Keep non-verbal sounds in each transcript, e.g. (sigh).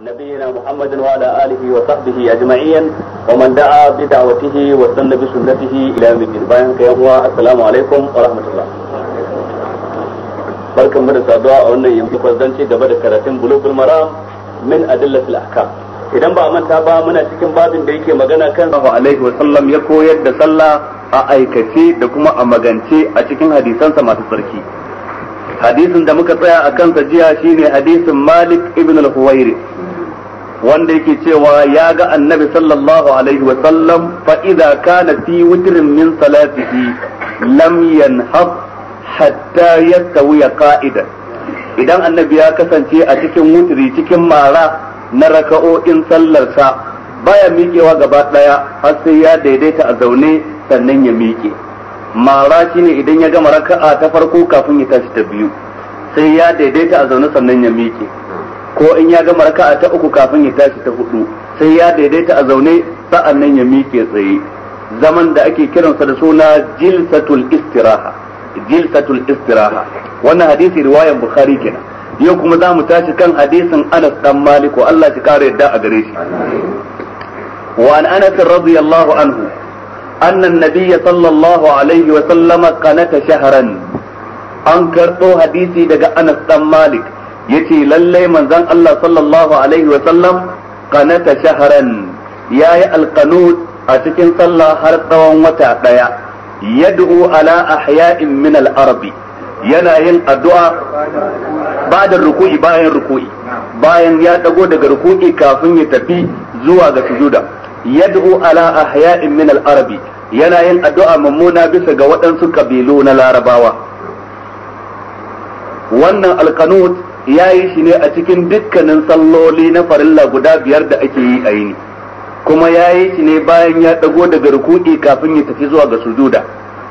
نبينا محمد وعلى آله وصحبه أجمعين ومن دعا بدعوته وسن بسنته إلى يوم الدين بيان السلام عليكم ورحمة الله barkan من da saduwa يمتلك wannan دبدا كراتين gaba المرام من أدلة الأحكام idan ba manta ba muna cikin babin da yake magana kan sallallahu alaihi wa sallam ya koyar da sallah a aikace da kuma a magance a cikin hadisansa masu sarki hadisin da muka tsaya a kansa jiya shine hadisin Malik ibn al-Huwairi wanda yake cewa ya ga annabi sallallahu alaihi wa sallam fa idza kana fi witrin min salatihi lam yanhaq hatta yastawiya qa'idan idan annabi ya kasance a cikin wutri cikin mara na raka'o'in sallarsa baya miƙewa gaba ɗaya, har sai ya daidaita a zaune sannan ya miƙe mara shine idan ya gama raka'a ta farko kafin ya tashi ta biyu sai ya daidaita a zaune sannan ya miƙe ko in ya gama raka'a ta uku kafin ya tashi ta hudu sai ya daidaita a zaune sa'an ya miƙe tsaye zaman da ake kiransa da suna jilsatul istiraha jilsatul istiraha wannan hadisi riwayar bukhari kenan yau kuma za mu tashi kan hadisin anas dan malik wa Allah shi kare yadda a gare shi wa an anas radiyallahu anhu anna an sallallahu alaihi wa sallama qanata shahran an karto hadisi daga anas dan malik yace lallai manzon Allah sallallahu alaihi wa sallam qanata shahran yayi alqanut a cikin sallah har tsawon wata daya yad'u ala ahya'in min al-arabi yana yin addu'a bada ruku'i bayan ruku'i bayan ya dago daga ruku'i kafin ya tafi zuwa ga sujuda yad'u ala ahya'in min al-arabi yana yin addu'a mummuna bisa ga waɗansu kabilu na larabawa wannan alkanut ya yi shi ne a cikin dukkanin salloli na farilla guda biyar da ake yi a yini kuma ya yi shi ne bayan ya ɗago daga ruku'i kafin ya tafi zuwa ga sujuda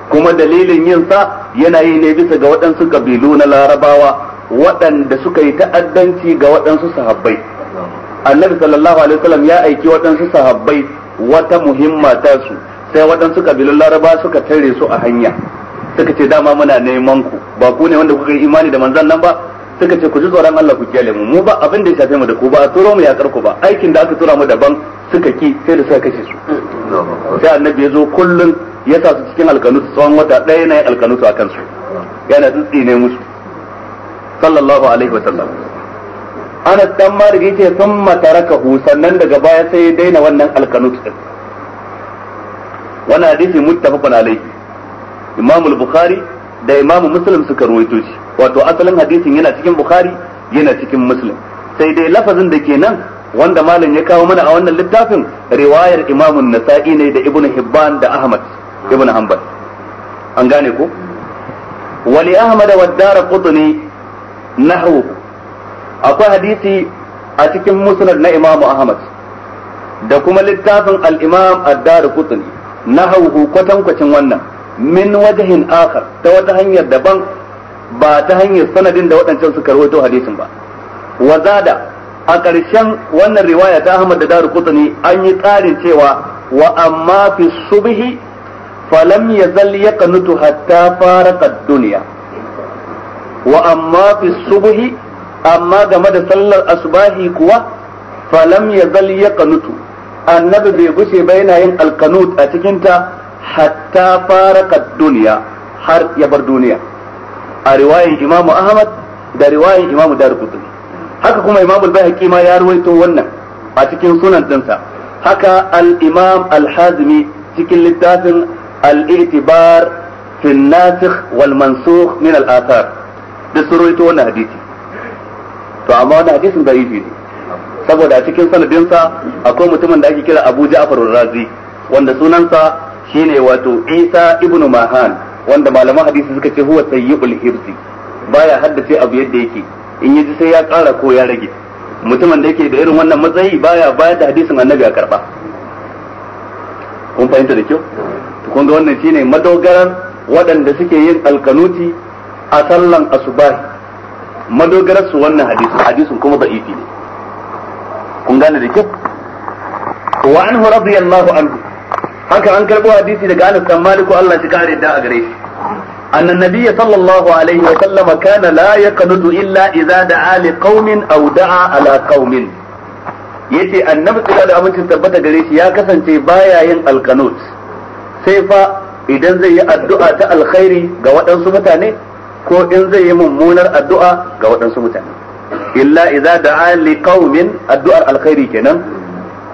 kuma dalilin yin sa yana yi ne bisa ga waɗansu kabilu na larabawa waɗanda suka yi ta'addanci ga waɗansu sahabbai annabi sallallahu alaihi wasallam ya aiki waɗansu sahabbai wata muhimma ta su sai waɗansu kabilun laraba suka tare su a hanya suka ce dama muna neman ku ba ku ne wanda kuka yi imani da manzon nan ba suka ce ku ji tsoron Allah ku kiyale mu mu ba abin da ya shafe mu da ku ba a turo mu yakar ku ba aikin da aka tura mu daban suka ki sai da suka kashe su sai annabi ya zo kullun ya sa su cikin alkanutu tsawon wata ɗaya na alkanutu a kansu yana tsitsi ne musu sallallahu alaihi wa sallam ana dan Malik yake sun matarakahu sannan daga baya sai ya daina wannan alkanutu din wannan hadisi muttafaqun alaihi imamu al-Bukhari da imamu Muslim suka ruwaito shi wato asalin hadisin yana cikin bukhari yana cikin muslim sai dai lafazin da ke nan wanda malam ya kawo mana a wannan littafin riwayar imamun nasa'i ne da ibnu hibban da ahmad ibnu hanbal an gane ko wali ahmad wa dara qutni nahwu akwai hadisi a cikin musnad na imamu ahmad da kuma littafin al-imam ad-dar qutni nahwu kwatankwacin wannan min wajhin akhar ta wata hanyar daban ba ta hanyar sanadin da waɗancan suka rawaito hadisin ba wazada a ƙarshen wannan riwaya ta Ahmad da Daru Qutni an yi tsarin cewa wa amma fi subhi falam yazal yaqnutu hatta faraqa ad-dunya wa amma fi subhi amma game da sallar asbahi kuwa falam yazal yaqnutu annabi bai gushe ba yana yin alkanut a cikinta hatta faraqa ad-dunya har ya bar duniya a riwayan Imam Ahmad da riwayan Imam Darqutni haka kuma Imam Al-Baihaqi ma ya rawaito wannan a cikin sunan dinsa haka al-Imam Al-Hazmi cikin littafin Al-I'tibar fi an-nasikh wal mansukh min al-athar da su rawaito wannan hadisi to amma wannan hadisin yi ne saboda a cikin sanadinsa akwai mutumin da ake kira Abu Ja'far Razi wanda sunansa shine wato Isa ibn Mahan wanda malaman hadisi suka ce huwa sayyi'ul hirsi baya haddace abu yadda yake in yaji sai ya ƙara ko ya rage mutumin da yake da irin wannan matsayi baya bayar da hadisin annabi a karba kun fahimta da kyau to kun ga wannan shine madogaran waɗanda suke yin alkanuti a sallan asubahi madogaran su wannan hadisi hadisin kuma da'ifi ne kun gane da kyau wa anhu radiyallahu anhu haka an karbo hadisi daga Anas bin Malik Allah shi kare da a gare shi أن sallallahu alaihi wa عليه kana la yakunu illa idza da'a li qaumin aw da'a ala qaumin yace annabi tsira da amincin tabbata gare shi ya kasance baya yin alqanut sai fa idan zai yi addu'a ta alkhairi ga waɗansu mutane ko in zai yi mummunar addu'a ga waɗansu mutane illa idza da'a li qaumin addu'ar alkhairi kenan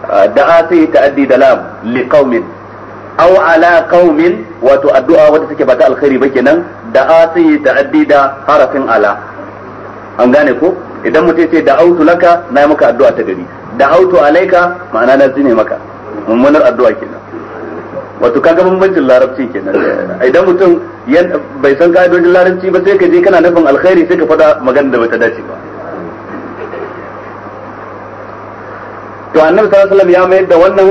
da'a sai ta'addi da lam li qaumin aw ala qaumin wato addu'a wadda take bata alkhairi ba kenan da asai ta'addi da harafin ala an gane ko idan mutum ce da'autu laka na yi maka addu'a ta gari da'autu alaika ma'ana na zine maka mummunar addu'a kenan wato kaga bambancin larabci kenan idan mutum bai san ka'idojin larabci ba sai ka je kana nufin alkhairi sai ka faɗa magana da bata dace ba to annabi sallallahu alaihi ya mayar da wannan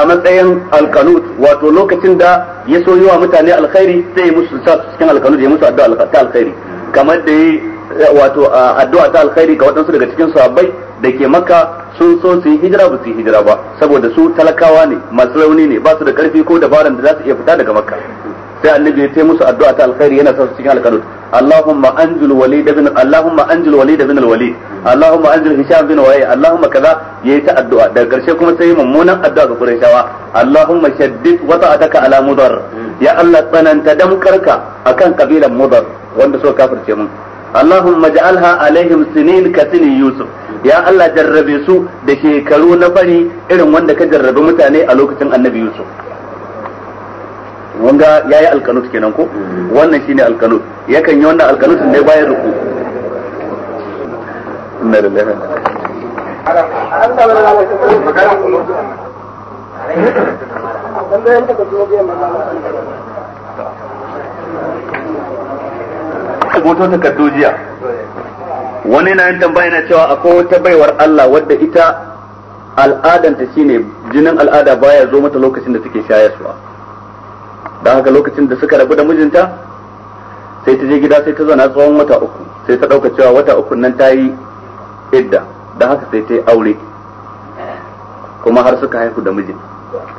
a matsayin alkanut wato lokacin da ya so yi wa mutane alkhairi sai ya musu sa cikin alkanut ya musu addu'a ta alkhairi kamar da wato addu'a ta alkhairi ga waɗansu daga cikin sahabbai da ke maka sun so su yi hijira ba su yi hijira ba saboda su talakawa ne masu rauni ne ba su da karfi ko dabaran da za su iya fita daga makka sai annabi ya ce musu addu'a ta alkhairi yana sa su cikin alkanut Allahumma anjil walid bin Allahumma anjil walid bin alwalid Allahumma anjil hisham bin waye Allahumma kaza yayi ta addu'a daga karshe kuma sai mummunan addu'a ga Qurayshawa Allahumma shaddid wata'ataka ala mudar ya Allah tsananta damkarka akan kabilan mudar wanda suka kafirce mun Allahumma ja'alha alaihim sinin Katini yusuf ya Allah jarrabe su da shekaru na fari irin wanda ka jarrabe mutane a lokacin annabi yusuf wanga yayi alkanut kenan ko wannan shine alkanut yakan yi wannan alkanut ne bayan ruku inna lillahi ta wani na yin tambaya na cewa akwai wata baiwar Allah wadda ita al'adanta shine jinin al'ada baya zo mata lokacin da take shayarwa. don haka lokacin da suka rabu da mijinta sai ta je gida sai ta zauna tsawon wata uku sai ta ɗauka cewa wata uku nan ta yi idda don haka sai ta yi aure kuma har suka haihu da mijin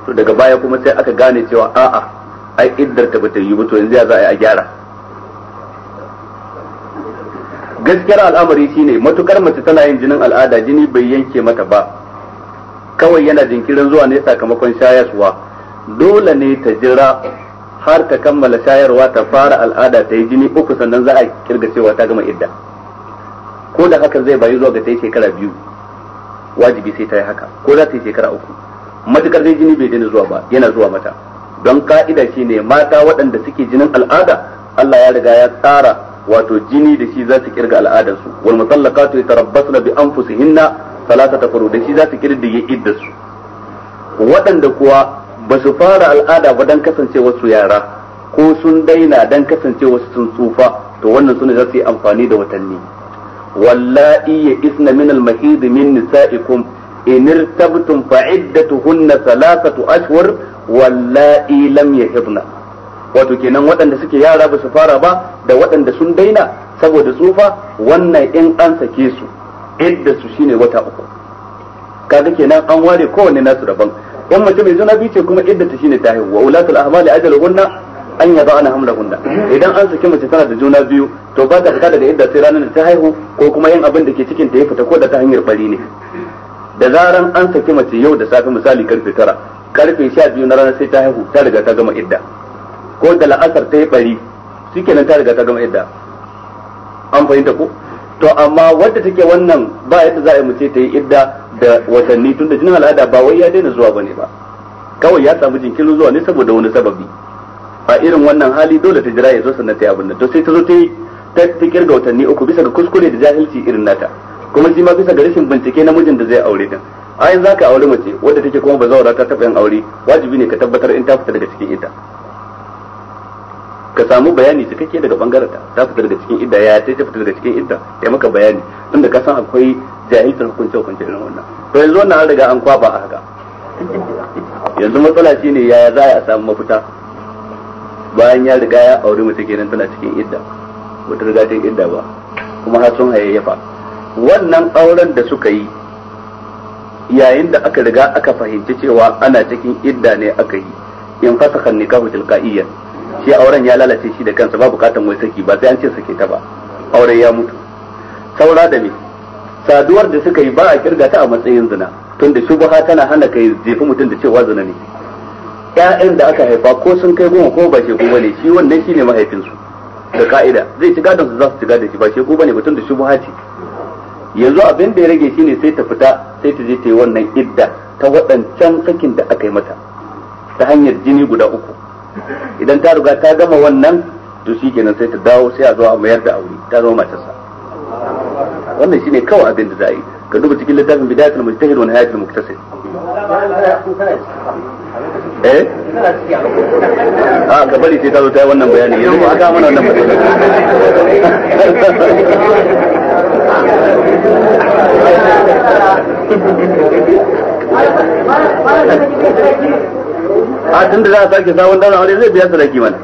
to daga baya kuma sai aka gane cewa a'a ai iddar ta bata yi ba to yanzu ya za a yi a gyara gaskiyar al'amari shine matukar mace tana yin jinin al'ada jini bai yanke mata ba kawai yana jinkirin zuwa ne sakamakon shayaswa dole ne ta jira har ta kammala shayarwa ta fara al'ada ta yi jini uku sannan za a kirga cewa ta gama idda ko da haka zai bayu zuwa ga ta yi shekara biyu wajibi sai ta yi haka ko za ta yi shekara uku matukar zai jini bai daina zuwa ba yana zuwa mata don ka'ida shi ne mata waɗanda suke jinin al'ada Allah ya riga ya tsara wato jini da shi za su kirga al'adarsu wal musallaqatu yatarabbasna bi anfusihinna ta furu da shi za su kirga idda su waɗanda kuwa ba su fara al'ada ba don kasance wasu yara ko sun daina don kasance wasu sun tsufa to wannan suna za su yi amfani da watanni wallahi ya isna min al-mahid min nisa'ikum in irtabtum fa iddatuhunna thalathatu ashhur wallahi lam yahidna wato kenan waɗanda suke yara ba su fara ba da waɗanda sun daina saboda tsufa wannan in an sake su idda su shine wata uku kaga kenan an ware kowanne nasu daban yan mace mai juna biyu ce kuma ta shine ta haihu wa ulatul ahmali ajaluhunna an ya ana hamla kunna idan an saki mace tana da juna biyu to ba ta fita daga idda sai ranar da ta haihu ko kuma yin abin da ke cikin ta ya fita ko da ta hanyar bari ne da zaran an saki mace yau da safe misali karfe tara karfe sha biyu na ranar sai ta haihu ta riga ta gama idda ko da la'asar ta yi bari shikenan ta riga ta gama idda an fahimta ko to amma wadda take wannan ba yadda za a yi mace ta yi idda da watanni tun da jinin al'ada ba wai ya daina zuwa ba ne ba kawai ya samu jinkirin zuwa ne saboda wani sababi a irin wannan hali dole ta jira ya zo sannan ta yi abin da to sai ta zo ta yi ta fikir watanni uku bisa ga kuskure da jahilci irin nata kuma shi ma bisa ga rashin bincike mijin da zai aure ta a yanzu ka aure mace wadda take kuma ba za ta taɓa yin aure wajibi ne ka tabbatar in ta fita daga cikin ita ka samu bayani cikakke daga bangaren ta ta fita daga cikin idda ya ta fita daga cikin idda ya maka bayani tunda ka san akwai jahiltar hukunce hukunce irin wannan to yanzu wannan an riga an kwaba a haka yanzu matsala shi ne yaya za a samu mafita bayan ya riga ya aure mace kenan tana cikin idda wata riga ta idda ba kuma har sun hayayyafa wannan auren da suka yi yayin da aka riga aka fahimci cewa ana cikin idda ne aka yi in fasakha nikahu tilqa'iyyan shi auren ya lalace shi da kansa ba bukatan wai saki ba sai an ce sake ta ba auren ya mutu saura da me saduwar da suka yi ba a kirga ta a matsayin zina tunda shubaha tana hana kai jefi mutum da cewa zina ne ƴaƴan da aka haifa ko sun kai goma ko ba shegu bane shi wannan shine mahaifinsu da ka'ida zai ci gadon su za su ci gadon shi ba shegu bane mutum da shubaha ce yanzu abin da ya rage shine sai ta fita sai ta je ta yi wannan idda ta waɗancan sakin da aka yi mata ta hanyar jini guda uku idan ta riga ta gama wannan to shi kenan sai ta dawo sai a zo a mayar da aure ta zama matarsa wannan shine kawai abin da za a yi ka duba cikin littafin bidayatul mujtahid wa nihayatul muktasib eh ah, a ga bari sai ta zo ta wannan bayani yanzu ba ga mana wannan bayani (laughs) a ah, tun da za a sake sabon dana wani zai biya sadaki mana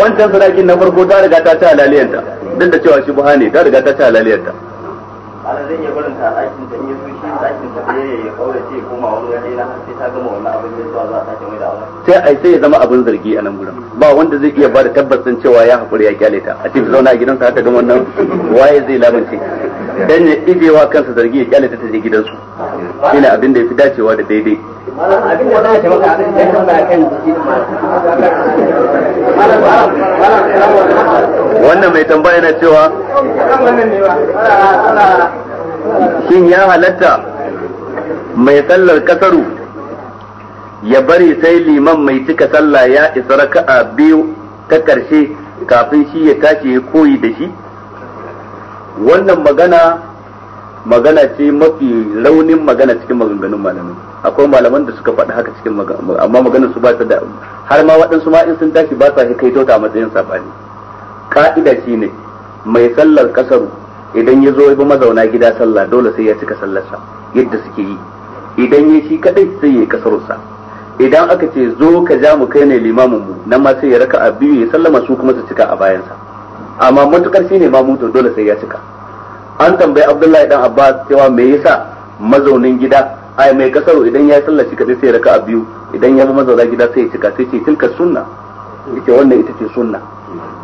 wancan sadakin na farko ta riga ta ci alaliyanta dan da cewa shi buha ne ta riga ta ci halaliyar ta ana zan iya barin ta aikin ta yi shi aikin ta sai ya kaura ce koma wani waje na sai ta gama wannan abin da zuwa za ta ce mai da aure sai ai sai ya zama abin zargi a nan gurin ba wanda zai iya ba da tabbacin cewa ya haƙuri ya kyale ta a cikin zauna a gidansa haka gama wannan waye zai lamunce dan ya wa kansa zargi ya kyale ta je gidansu ina abin da yafi dacewa da daidai wannan mai tambaya yana cewa shin ya halatta mai sallar kasaru ya bari sai liman mai cika sallah ya isa raka'a biyu ta karshe kafin shi ya tashi ya koyi da shi wannan magana magana ce mafi raunin magana cikin maganganun malami akwai malaman da suka faɗi haka cikin magana, amma maganar su ba ta da har ma waɗansu ma in sun tashi ba sa kai tauta a matsayin saɓani ka'ida shi ne mai sallar ƙasar idan ya zo ya mazauna gida sallah dole sai ya cika sallarsa yadda suke yi idan ya shi kaɗai sai ya yi kasarsa idan aka ce zo ka ja mu kai ne limamin mu nan ma sai ya raka a biyu ya sallama su kuma su cika a bayansa amma matukar ne ma mutu dole sai ya cika an tambayi abdullahi dan abbas cewa me yasa mazaunin gida ai mai kasaro idan ya sallah shi kadai sai raka a biyu idan ya zama zauna gida sai ya cika sai ce tilka sunna yace wannan ita ce sunna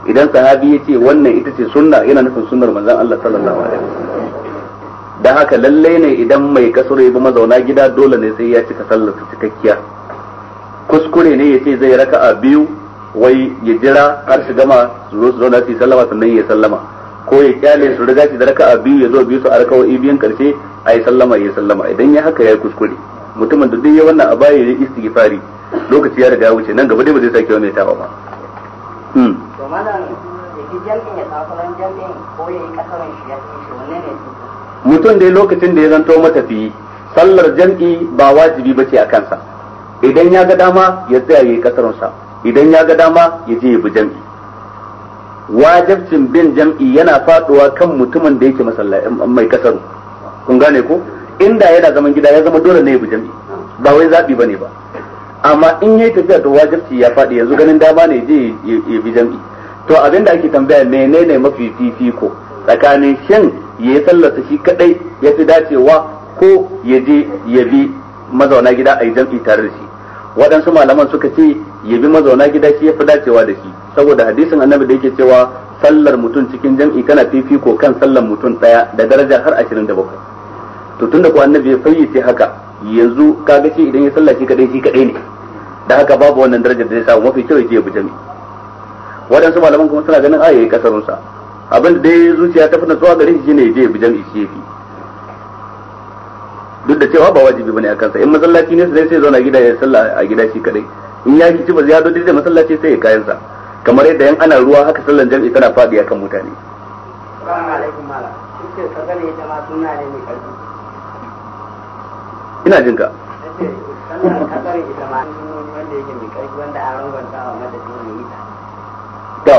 idan sahabi ce wannan ita ce sunna yana nufin sunnar manzon Allah sallallahu alaihi wasallam haka lalle ne idan mai kasaro ya bi mazauna gida dole ne sai ya cika sallar cikakkiya kuskure ne yace zai raka a biyu wai ya jira har su gama su zo su zauna su yi sallama sannan ya sallama ko ya kyale su riga shi da a biyu ya zo biyu su a raka wa'i biyan karshe a yi sallama ya sallama idan ya haka ya kuskure mutumin da duk ya wannan a baya ya istighfari lokaci ya riga ya wuce nan gaba dai ba zai sake wani tawa ba hmm. ya mutum dai lokacin da ya zanto matafiyi sallar jam'i ba wajibi ba ce a kansa idan ya ga dama ya tsaya ya yi kasarunsa idan ya ga dama ya je ya bi jam'i wajibcin bin jam'i yana faduwa kan mutumin da yake mai kasaru kun gane ko inda yana zaman gida ya zama dole ne ya bi jam'i ba wai zabi bane ba amma in yayi tafiya to wajibci ya fadi yanzu ganin dama ne je ya bi jam'i to abin da ake tambaya menene mafi fifiko tsakanin shin ya yi sallarsa shi kadai ya fi dacewa ko ya je ya bi mazauna gida a yi jam'i tare da shi waɗansu malaman suka ce ya bi mazauna gida shi ya fi dacewa da shi saboda hadisin annabi da yake cewa sallar mutum cikin jam'i kana fifiko kan sallar mutum daya da daraja har 27 to tunda ko annabi ya fayyace haka yanzu kaga shi idan ya sallar shi kadai shi kadai ne da haka babu wannan darajar da ya samu mafi kyau ya bi jam'i waɗansu malaman kuma suna ganin ayayi kasarun sa abin da dai zuciya ta fi zuwa gare shi shine ya je bi jam'i shi yafi duk da cewa ba wajibi bane akan sa in masallaci ne sai sai zauna gida ya sallah a gida shi kadai in ya ci ba ya zo daidai masallaci sai ya kayan sa kamar yadda yan ana ruwa haka sallan jami'i tana fadi akan mutane ina jin ka to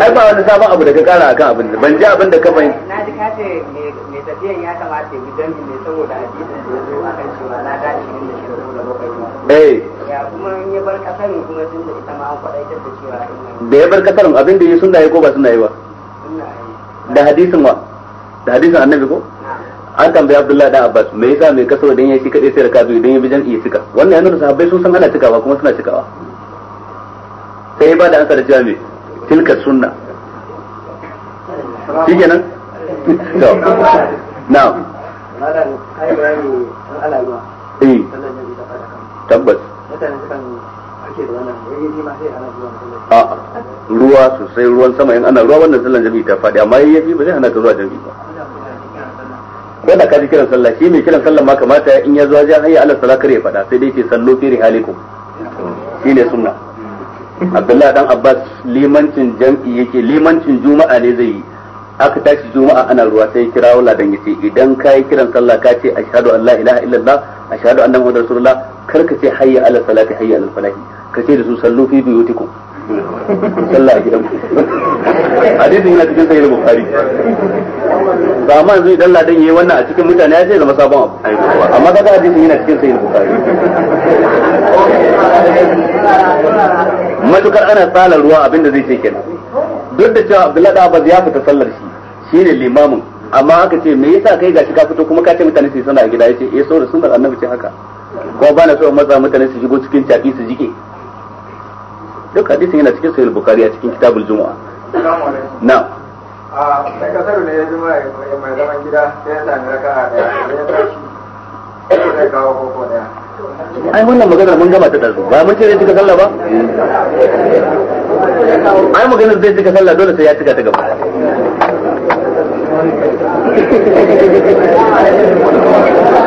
ai ba wani sabon abu da ka kara akan abin da ban ji abin da ka fahimta na ji ka ce mai tafiyan ya kamata ya bi dangi ne saboda hadisin da ya zo akan cewa na dace eh ya kuma ya bar kasar kuma sun da ya bar kasar abin da yi sun yi ko ba sun yi ba da hadisin wa da hadisin annabi ko an tambayi abdullahi da abbas me yasa mai kasar idan ya shi kadai sai raka biyu idan ya bi jam'i cika wannan yana da sahabbai sun san ana cikawa kuma suna cikawa sai ba da ansa da cewa me tilka sunna shikenan (laughs) to na'am ana eh. ana ba tabbas a ruwa sosai ruwan sama in ana ruwa wannan sallan jami'i ta faɗi amma yayyafi ba zai hana ka zuwa jami'i ba ko da ka ji kiran sallah shi mai kiran sallah ma kamata in ya zuwa jan hayya Allah sallah kare faɗa sai dai ce sallu fi rihalikum ne sunna Abdullah dan Abbas limancin jami'i yake limancin juma'a ne zai yi aka tashi juma'a ana ruwa sai kira wala dan yace idan kai kiran sallah ka ce ashhadu an la ilaha illallah ashhadu anna muhammadar rasulullah kar ka ce hayya ala salati hayya ala falahi ka ce da su sallu fi biyutikum sallah a gidan hadisin yana cikin sahih bukhari ba amma yanzu idan ladan yayi wannan a cikin mutane ya ce zama sabon abu amma kaga hadisin yana cikin sahih bukhari matukar ana tsala ruwa abinda zai ce kenan duk da cewa Abdullahi da Abbas ya fita sallar shi shine limamin amma aka ce me yasa kai gashi ka fito kuma ka ce mutane su yi sallah a gida yace eh saboda sunnar annabi ce haka ko ba na so in matsa mutane su shigo cikin caki su jike duk hadisin yana cikin sahih bukhari a cikin kitabul jumu'a na a da kasar ne ya zama mai zaman gida sai ya sami raka'a daya ya tashi sai kawo koko daya ai wannan maganar mun gama ta da ba mun ce zai cika sallah ba ai maganar zai cika sallah dole sai ya cika ta gaba (laughs)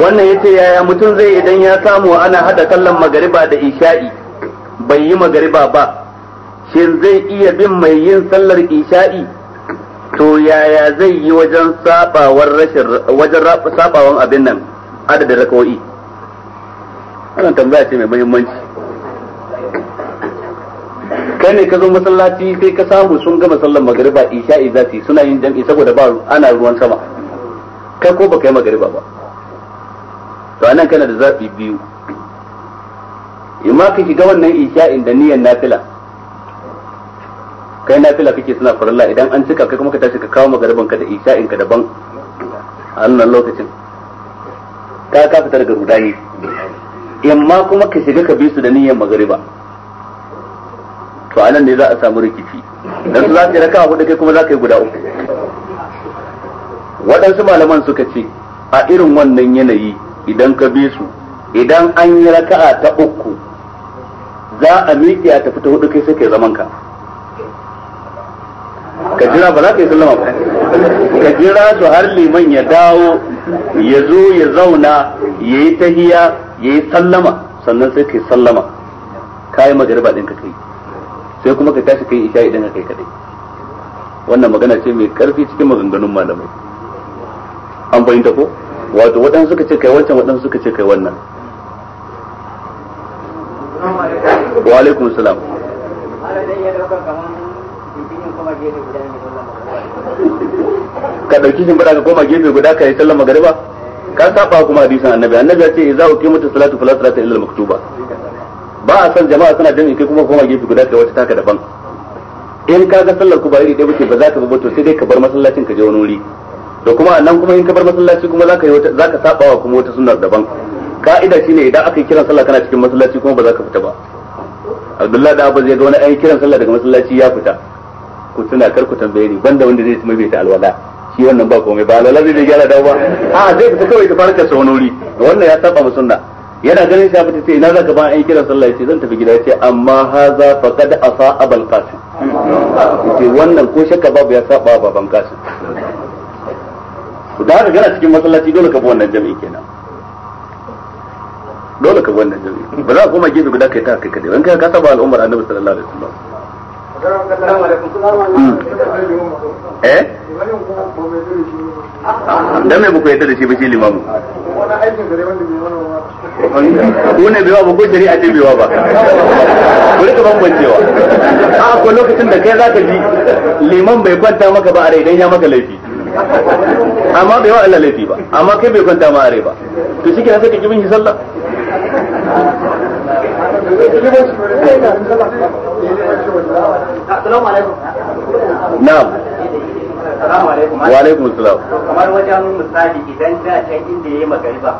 wannan ya ce yaya mutum zai idan ya samu ana hada kallon magariba da isha'i bai yi magariba ba shi zai iya bin mai yin sallar isha'i to yaya zai yi wajen sabawar rashin wajen sabawan abin nan adadin rakawai wannan tambaya ce mai muhimmanci kai ne ka zo masallaci sai ka samu sun gama sallar magariba isha'i izati suna yin jam'i saboda ba ana ruwan sama kai ko baka yi magariba ba to anan kana da zafi biyu imma ka shiga wannan isha'in da niyyar nafila kai nafila kake suna farilla idan an cika kai kuma ka tashi ka kawo magariban ka da in ka daban a wannan lokacin ka ka fitar da rudani imma kuma ka shiga ka bi su da niyyar magariba to anan ne za a samu rikici dan su za ka yi raka'a hudu kai kuma za ka yi guda uku waɗansu malaman suka ce a irin wannan yanayi idan ka bi su idan an yi raka'a ta uku za a miƙe a tafi ta hudu kai sai kai zaman ka ka jira ba za ka yi sallama ba ka jira su har liman ya dawo ya zo ya zauna ya yi tahiya ya yi sallama sannan sai kai sallama ka yi magariba ɗin ka kai sai kuma ka tashi kai isha idan kai kadai wannan magana ce mai karfi cikin maganganun malamai an fahimta ko wato waɗansu suka ce kai wancan waɗansu suka ce kai wannan wa alaikum salam ka dauki shin bada ka koma gefe guda ka yi sallar magariba ka saba kuma hadisin annabi annabi ya ce idza mutu salatu fala salata illa al-maktuba ba a san jama'a suna jami'i kai kuma kuma gefe guda ka wata taka daban in ka ga sallar ku ba iri ɗaya bace ba za ka ba to sai dai ka bar masallacin ka je wani wuri da kuma nan kuma in ka bar masallaci kuma za ka yi za ka saba wa kuma wata sunnar daban ka'ida shine idan aka yi kiran sallah kana cikin masallaci kuma ba za ka fita ba Abdullahi da Abu zai ga wani ayi kiran sallah daga masallaci ya fita ku tuna kar ku tambaye ni banda wanda zai mai bai ta alwala shi wannan ba komai ba alwala zai gyara dawo ba a zai fita kawai ta farka sa wani wuri wannan ya saba ma yana ganin shafa ta ce ina ka ba an kira sallah yace zan tafi gida yace amma haza faqad asa abal qasim yace wannan ko shakka babu ya saba baban qasim ku da haka gana cikin masallaci dole ka bi wannan jami'i kenan dole ka bi wannan jami'i ba za ka koma gefe guda kai ta kai kadai in ka ka saba al'ummar annabi sallallahu alaihi wasallam eh dan me ba ku yadda da shi ba shi limamu ku ne bewa ba ko shari'a ce bewa ba ku rika bambancewa a ko lokacin da kai zaka ji liman bai kwanta maka ba a rai dan ya maka laifi amma bai wa Allah laifi ba amma kai bai kwanta ma a rai ba to shi ke sai ka ki bin shi sallah na'am wa alaikum salam kamar wajen misali idan da can inda yayi magariba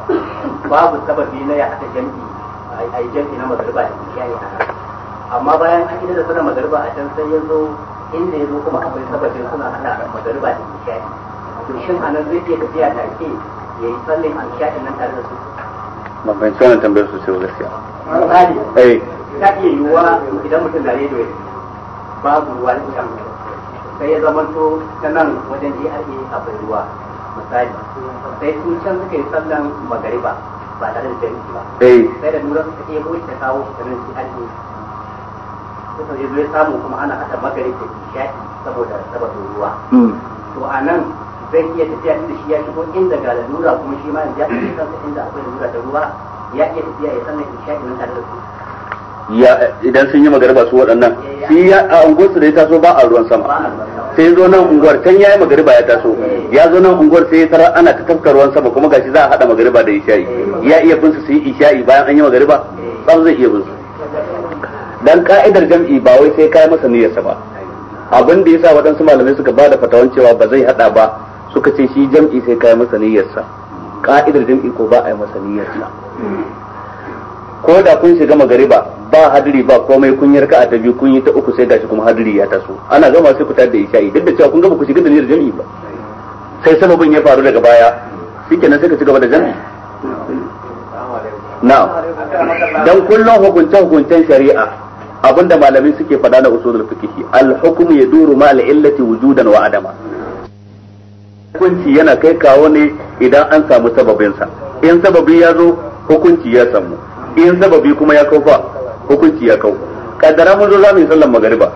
babu sababi na ya hada jami'i ai jami'i na magariba ya yi amma bayan an gida da sunan magariba a can sai ya zo inda ya zo kuma akwai sababi suna hada magariba da kiyaye to shin anan zai ke tafiya take yayi sallin kiyaye nan tare da su ban fahimci tambayar su ce gaskiya misali eh ta iya yiwuwa idan mutum da rediyo babu ruwa na can sai ya to ta nan wajen ake abin ruwa misali sai su can suka yi sallan magariba ba tare da jami'i ba eh. sai da nura suka yi kawai ta kawo ta nan ake suka zo ya samu kuma ana hada magarib da shaki saboda sababin ruwa hmm. to a nan zai iya tafiya da shi ya shigo inda ga nura kuma shi ma ya tafi kansa inda akwai nura da ruwa ya iya tafiya ya sannan shaki nan tare da su idan sun yi magariba su waɗannan shi ya a unguwarsu da ya taso ba a ruwan sama sai zo nan unguwar can ya yi magariba ya taso ya zo nan unguwar sai ya tara ana ta tafka ruwan sama kuma gashi za a haɗa magariba da isha'i ya iya bin su su yi isha'i bayan an yi magariba sam zai iya bin su dan ka'idar jam'i ba wai sai kai masa niyyarsa ba abin da yasa waɗansu malamai suka ba da fatawan cewa ba zai haɗa ba suka ce shi jam'i sai kai masa niyyarsa ka'idar jam'i ko ba a yi masa niyyarsa ko da kun shiga magariba ba hadiri ba komai kun yi raka'a ta biyu kun yi ta uku sai gashi kuma hadiri ya taso ana gama sai ku tada isha'i duk da cewa kun gama ku shiga da niyyar jami'i ba sai sababin ya faru daga baya shikenan sai ka ci gaba da jami'i na'am dan kullum hukunce hukuncen shari'a abinda malamin suke faɗa na usulul fiqh al hukm yaduru ma al illati wujudan wa adama hukunci yana kai kawo ne idan an samu sababinsa in sababi ya zo hukunci ya samu in sababi kuma ya kau fa hukunci ya kau kaddara mun zo za mu yi sallar magariba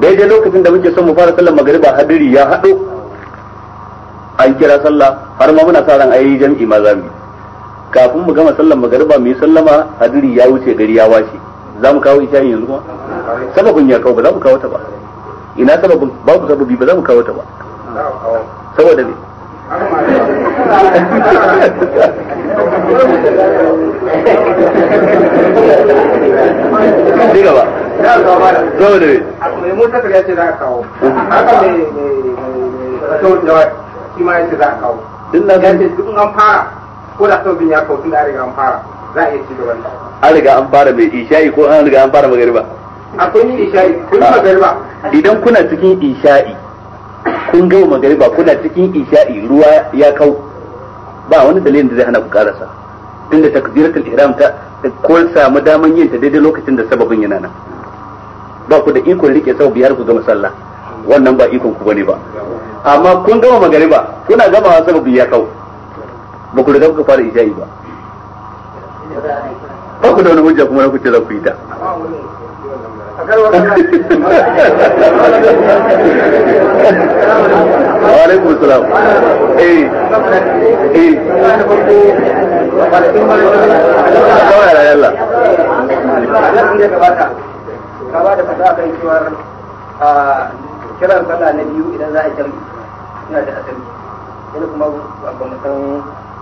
daidai lokacin da muke son mu fara sallar magariba hadiri ya haɗo an kira sallah har ma muna sa ran ayi jami'i ma zamu kafin mu gama sallar magariba mu yi sallama hadiri ya wuce gari ya washe za mu kawo isha'i yanzu kuma sababin ya kawo ba za mu kawo ta ba ina sababin babu sababi ba za mu kawo ta ba saboda ne (laughs) Diga ba. Zama da Mai motar ya ce za a kawo. mai da shi ma ya an fara mai da sau ya kawo an fara za a iya ci gaban mai ko ni magariba. Idan kuna cikin isha'i, kun gama magariba kuna cikin isha'i ruwa ya kau ba wani dalilin da zai hana ku karasa tunda takbiratul ihram ta ko samu daman yin ta daidai lokacin da sababin yana nan ba ku da ikon rike sau biyar ku gama sallah wannan ba ikon ku bane ba amma kun gama magariba kuna gama sababi ya kawo ba ku riga kuka fara ijayi ba ba ku da wani hujja kuma na ku ce za ku yi ta wa alaikum salam eh, eh. kiran sallah na biyu idan za a jami suna da asali kuma ba mu san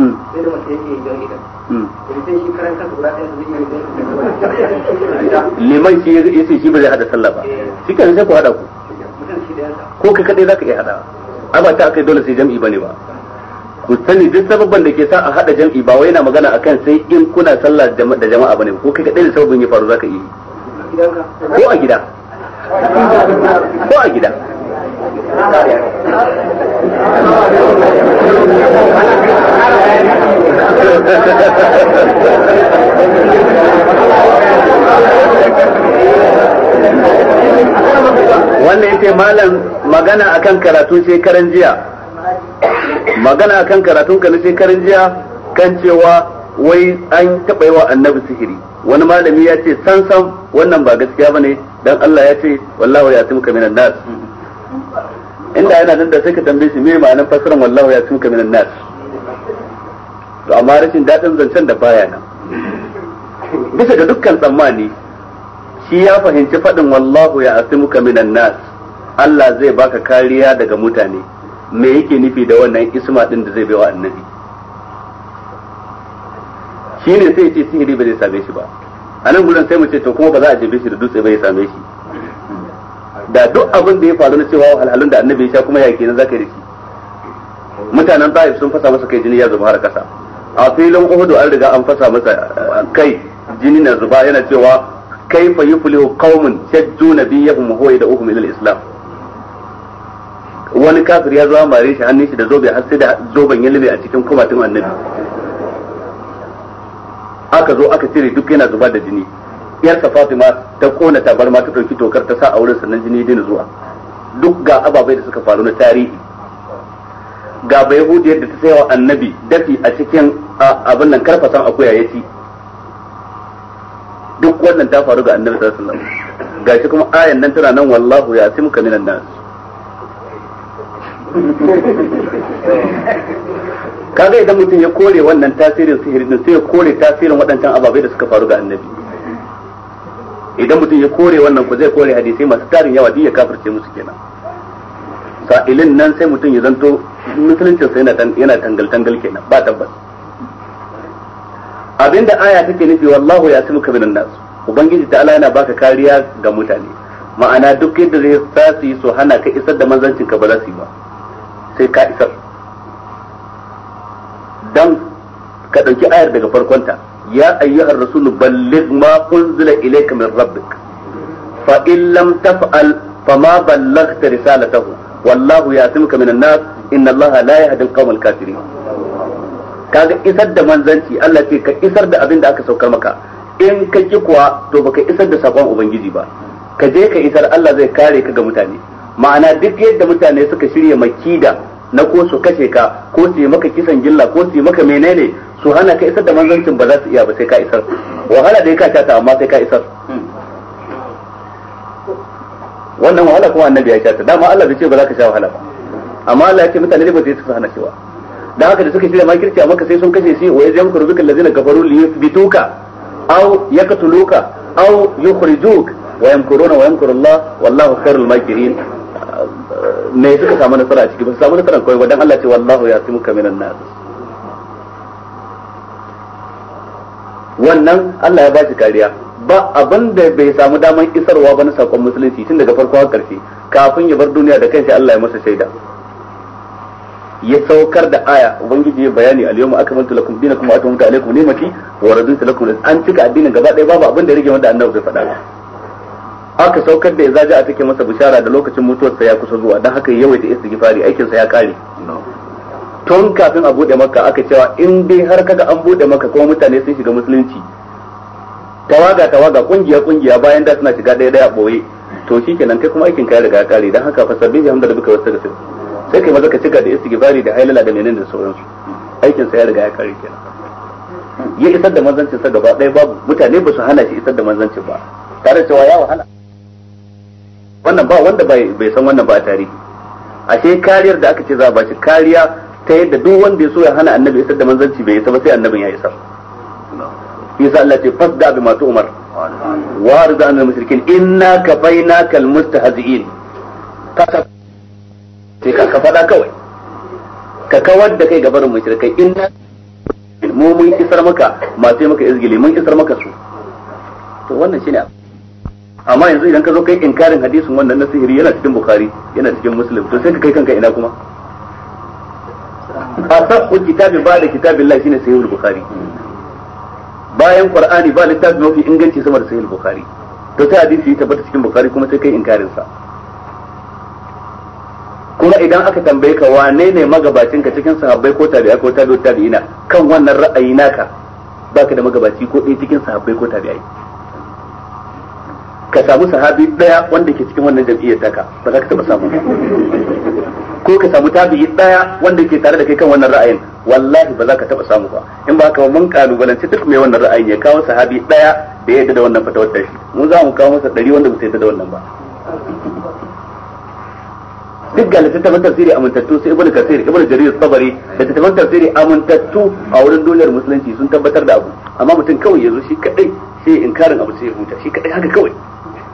Hmm. Hmm. liman shi ya ce shi ba zai hada sallah ba eh. shi kan sai ku hada ku ko kai kadai zaka iya hada amma ta akai dole sai jam'i bane ba ku sani duk sababban da ke sa a hada jam'i ba wai yana magana akan sai in kuna sallah da jama'a bane ko kai kadai da sababin ya faru zaka yi ko a gida ko a gida wannan yace malam magana akan karatun shekaran jiya magana akan karatun ka na shekaran jiya kan cewa wai an taɓa yi wa annabi sihiri wani malami ya ce sansan wannan ba gaskiya ba ne, dan Allah ya ce wallahu ya tumka minan nas inda yana nan da sai ka tambaye shi me ma'anar fassarar wallahu ya tuka minan nas to amma rashin dadin zancen da baya nan bisa ga dukkan tsammani shi ya fahimci faɗin wallahu ya asimuka minan nas Allah zai baka kariya daga mutane me yake nufi da wannan isma din da zai baiwa annabi shi ne sai ya ce sihiri ba same shi ba a nan gudan sai mu ce to kuma ba za a jebe shi da dutse bai same shi da duk abin da ya faru na cewa alhalin da annabi ya sha kuma ya na zaka yi mutanen ta'if sun fasa masa kai jini ya zuba har kasa a filin uhudu an riga an fasa masa eh, kai jini na zuba yana cewa kaifa yuflihu qaumun shajju nabiyyahum huwa yad'uhum ila al-islam wani kafir ya zo mare shi hannun shi da zobe har sai da zoben ya lube a cikin kumatin annabi aka zo aka cire duk yana zuba da jini yar ka Fatima ta kona tabarma ta dauki tokar ta sa a wurin sannan jini dina zuwa duk ga ababai da suka faru na tarihi ga bai hudiyar da ta sayawa annabi dafi a cikin abin nan karfasan akuya ya ci duk wannan ta faru ga annabi sallallahu alaihi wasallam gashi kuma ayan nan tana nan wallahu ya simka minan nas kaga idan mutum ya kore wannan tasirin sihirin sai ya kore tasirin waɗancan ababai da suka faru ga annabi idan mutum ya kore wannan ku zai kore hadisai masu tarin yawa duk ya kafirce musu kenan sa'ilin nan sai mutum ya zanto musulunci sai yana yana tangal tangal kenan ba tabbas abinda aya take nufi wallahu ya yasmuka minan nas ubangiji ta'ala yana baka kariya ga mutane ma'ana duk yadda zai tsasi su yi hana ka isar da manzancin ka ba za su yi ba sai ka isar dan ka ɗauki ayar daga farkonta ya ayyuhar rasul balligh ma unzila ilayka min rabbik fa in lam taf'al fama ballaghta risalatahu wallahu ya'timuka minan nas inna allaha la yahdi al-qawmal kafirin isar da manzanci Allah ce ka isar da abinda aka saukar maka in ka ki kuwa to baka isar da sakon ubangiji ba ka je ka isar Allah zai kare ka ga mutane ma'ana duk yadda mutane suka shirya makida na ko su kashe ka ko su yi maka kisan gilla ko su yi maka menene su hana ka isar da manzancin ba za su iya ba sai ka isar wahala da ya kasha ta amma sai ka isar wannan wahala kuma annabi ya sha ta dama Allah bai ce ba za ka sha wahala ba amma Allah ya ce mutane ne ba su su hana cewa da haka da suka shirya makirci maka sai sun kashe shi wa yazam kurzuka allazina kafaru li yuthbituka aw yaqtuluka aw yukhrijuk wa yamkuruna wa yamkuru Allah wallahu khairul makirin ne suka samu nasara a ciki ba su samu nasara kawai wadan Allah ce wallahu ya fi ka minan nasu wannan Allah ya ba shi kariya ba abin da bai samu daman isarwa ba na sakon musulunci tun daga farko har kafin ya bar duniya da kanshi Allah ya masa shaida ya saukar da aya ubangiji ya bayani al-yawma akmaltu lakum dinakum wa atamtu alaykum ni'mati wa raditu lakum an cika addinin gaba ɗaya babu abin da ya rage wanda annabi bai faɗa aka saukar da izaja a take masa bishara da lokacin mutuwarsa ya kusa zuwa don haka yawaita istighfari aikinsa ya kare tun kafin a bude maka aka cewa in dai har kaga an bude maka kuma mutane sun shiga musulunci tawaga tawaga kungiya kungiya bayan da suna shiga daya daya boye to shikenan kai kuma aikin ka ya riga ya kare don haka fasabbi hamda da bika wasu sai kai maza ka cika da istighfari da hailala da menene da sauransu aikinsa ya riga ya kare kenan ya isar da manzancinsa gaba ɗaya babu mutane ba su hana shi isar da manzancin ba tare cewa ya wahala wannan ba wanda bai san wannan ba a tarihi ashe kariyar da aka ce za ba bashi kariya ta yadda duk wanda ya so ya hana annabi isar da manzanci bai isa ba sai annabin ya isar yasa Allah ce da bi masu umar wa arda anil mushrikin inna kafainaka al mustahzi'in ka sai ka fada kawai ka kawar da kai gaban mushrikai inna mu mun isar maka masu maka izgili mun isar maka su to wannan shine amma yanzu idan ka zo kai inkarin hadisin wannan na sihiri yana cikin bukhari yana cikin muslim to sai ka kai kanka ina kuma a sabu kitabi ba da kitabin Allah shine sahihul bukhari bayan qur'ani ba littafi mafi inganci sama da sahihul bukhari to sai hadisi ya tabbata cikin bukhari kuma sai kai inkarin sa kuma idan aka tambaye ka wane ne magabacin ka cikin sahabbai ko tabi'a ko tabi'ut tabi'ina kan wannan ra'ayi naka baka da magabaci ko ɗaya cikin sahabbai ko tabi'ai ka samu sahabi daya wanda ke cikin wannan jam'iyyar taka ba za ka taba samu ko ka samu tabi'i daya wanda ke tare da kai kan wannan ra'ayin wallahi ba za ka taba samu ba in ba ka mun kalubalanci duk mai wannan ra'ayin ya kawo sahabi daya da ya yarda da wannan fatawar da shi mu za mu kawo masa dari wanda bai yadda da wannan ba duk ga littattafan tafsiri amintattu sai ibnu kasir ibnu jarir tabari da littattafan tafsiri amintattu a wurin duniyar musulunci sun tabbatar da abu amma mutum kawai yazo shi kadai sai inkarin abu sai ya huta shi kadai haka kawai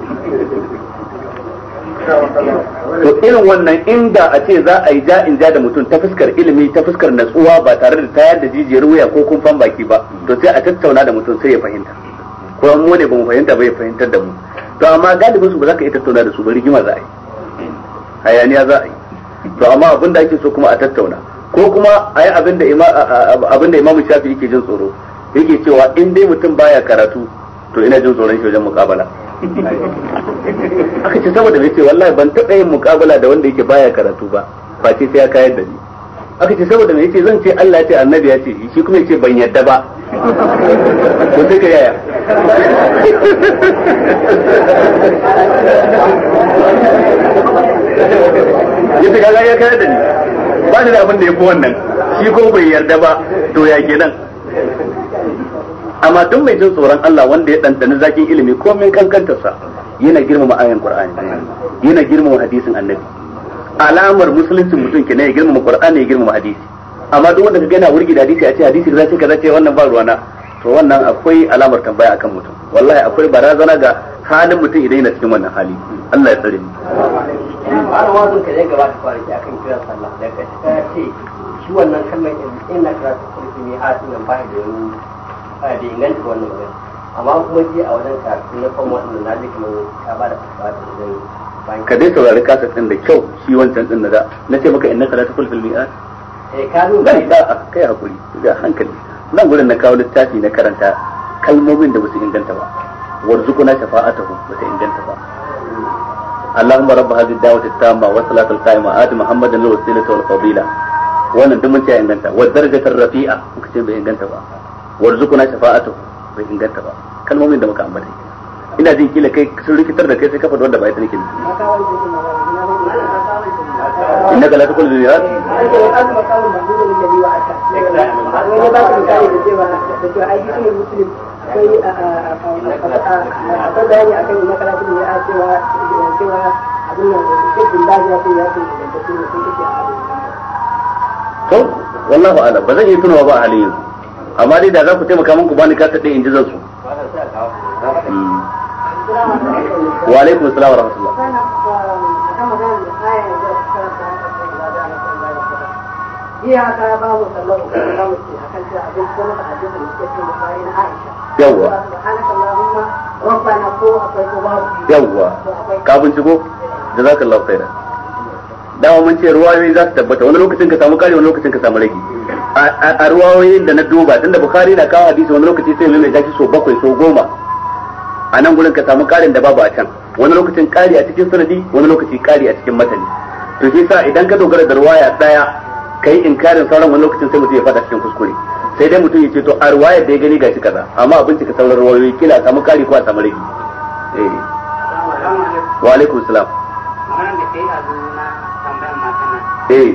to irin wannan inda a ce za a yi ja in ja da mutum ta fuskar ilimi ta fuskar natsuwa ba tare da tayar da jijiyar wuya ko kumfan baki ba to sai a tattauna da mutum sai ya fahimta ko mu ne ba mu fahimta ba ya fahimtar da mu to amma galibin su ba za ka iya tattauna da su ba rigima za a yi hayaniya za a yi to amma abin da ake so kuma a tattauna ko kuma a yi abin da abin da imamu shafi yake jin tsoro yake cewa in dai mutum baya karatu to ina jin tsoron shi wajen muƙabala aka ce saboda mai ce wallahi ban taɓa yin mukabala da wanda yake baya karatu ba face sai ya kayar da ni aka ce saboda mai ce zan ce Allah ce annabi ya ce shi kuma ce ban yadda ba ko sai ka yaya ya ce kaga ya kayar da ni ba ni da abin da ya fi wannan shi ko bai yarda ba to ya kenan amma duk mai jin tsoron Allah wanda ya dandana zakin ilimi ko kankanta kankantarsa yana girmama ayan Qur'ani yana girmama hadisin Annabi alamar musuluncin mutum ke ne ya girmama Qur'ani ya girmama hadisi amma duk wanda kaga yana wurgi da hadisi a ce hadisi da zai kaza ce wannan ba ruwana to wannan akwai alamar tambaya akan mutum wallahi akwai barazana ga halin mutum idan yana cikin wannan hali Allah ya tsare mu ana wazin ka zai gabata kwanaki akan kiran sallah daga ta ce shi wannan kalmar ina karatu kulli ne a cikin ba da a da inganta wannan wurin amma kuma ji a wajen karatu na kan wannan na ji kamar ka ba da fatawa da zai ka dai saurari kasa din da kyau shi wancan din da na ce maka innaka la tafulfil mi'at eh ka zo bai da kai hakuri da hankali nan gurin na kawo littafi na karanta kalmomin da basu inganta ba warzuquna shafa'atahu bata inganta ba اللهم رب هذه الدعوة التامة والصلاة القائمة آت محمدا الوسيلة والفضيلة wannan duk mun ce inganta wa darajatar rafi'a kuka ce inganta ba warzuquna shafa'atu bai inganta ba kalmomin da muka ambata ina jin kila kai sun rikitar da kai sai kafa wanda ba ita nake inna kala la tukul ba ya ce to wallahu ala ba zan yi tunawa ba a halin yanzu amma dai da za ku taimaka min ku bani kasa ɗin in ji zansu hmm. wa alaikum assalam wa rahmatullah yawwa yawwa ka binciko jazakallahu khairan dama mun ce ruwayoyi za su tabbata wani lokacin ka samu kare wani lokacin ka samu rage a ruwayoyin da na duba tun da bukari na kawo hadisi wani lokaci sai mai shi so bakwai so goma a nan gurin ka samu karin da babu a can wani lokacin kari a cikin sanadi wani lokaci kari a cikin matani to shi sa idan ka dogara da ruwaya daya kai inkarin sauran wani lokacin sai mutum ya fada cikin kuskure sai dai mutum ya ce to a ruwayar da ya gani gashi kaza amma a bincika sauran ruwayoyi kila a samu kari ko a samu rage eh. wa alaikum salam eh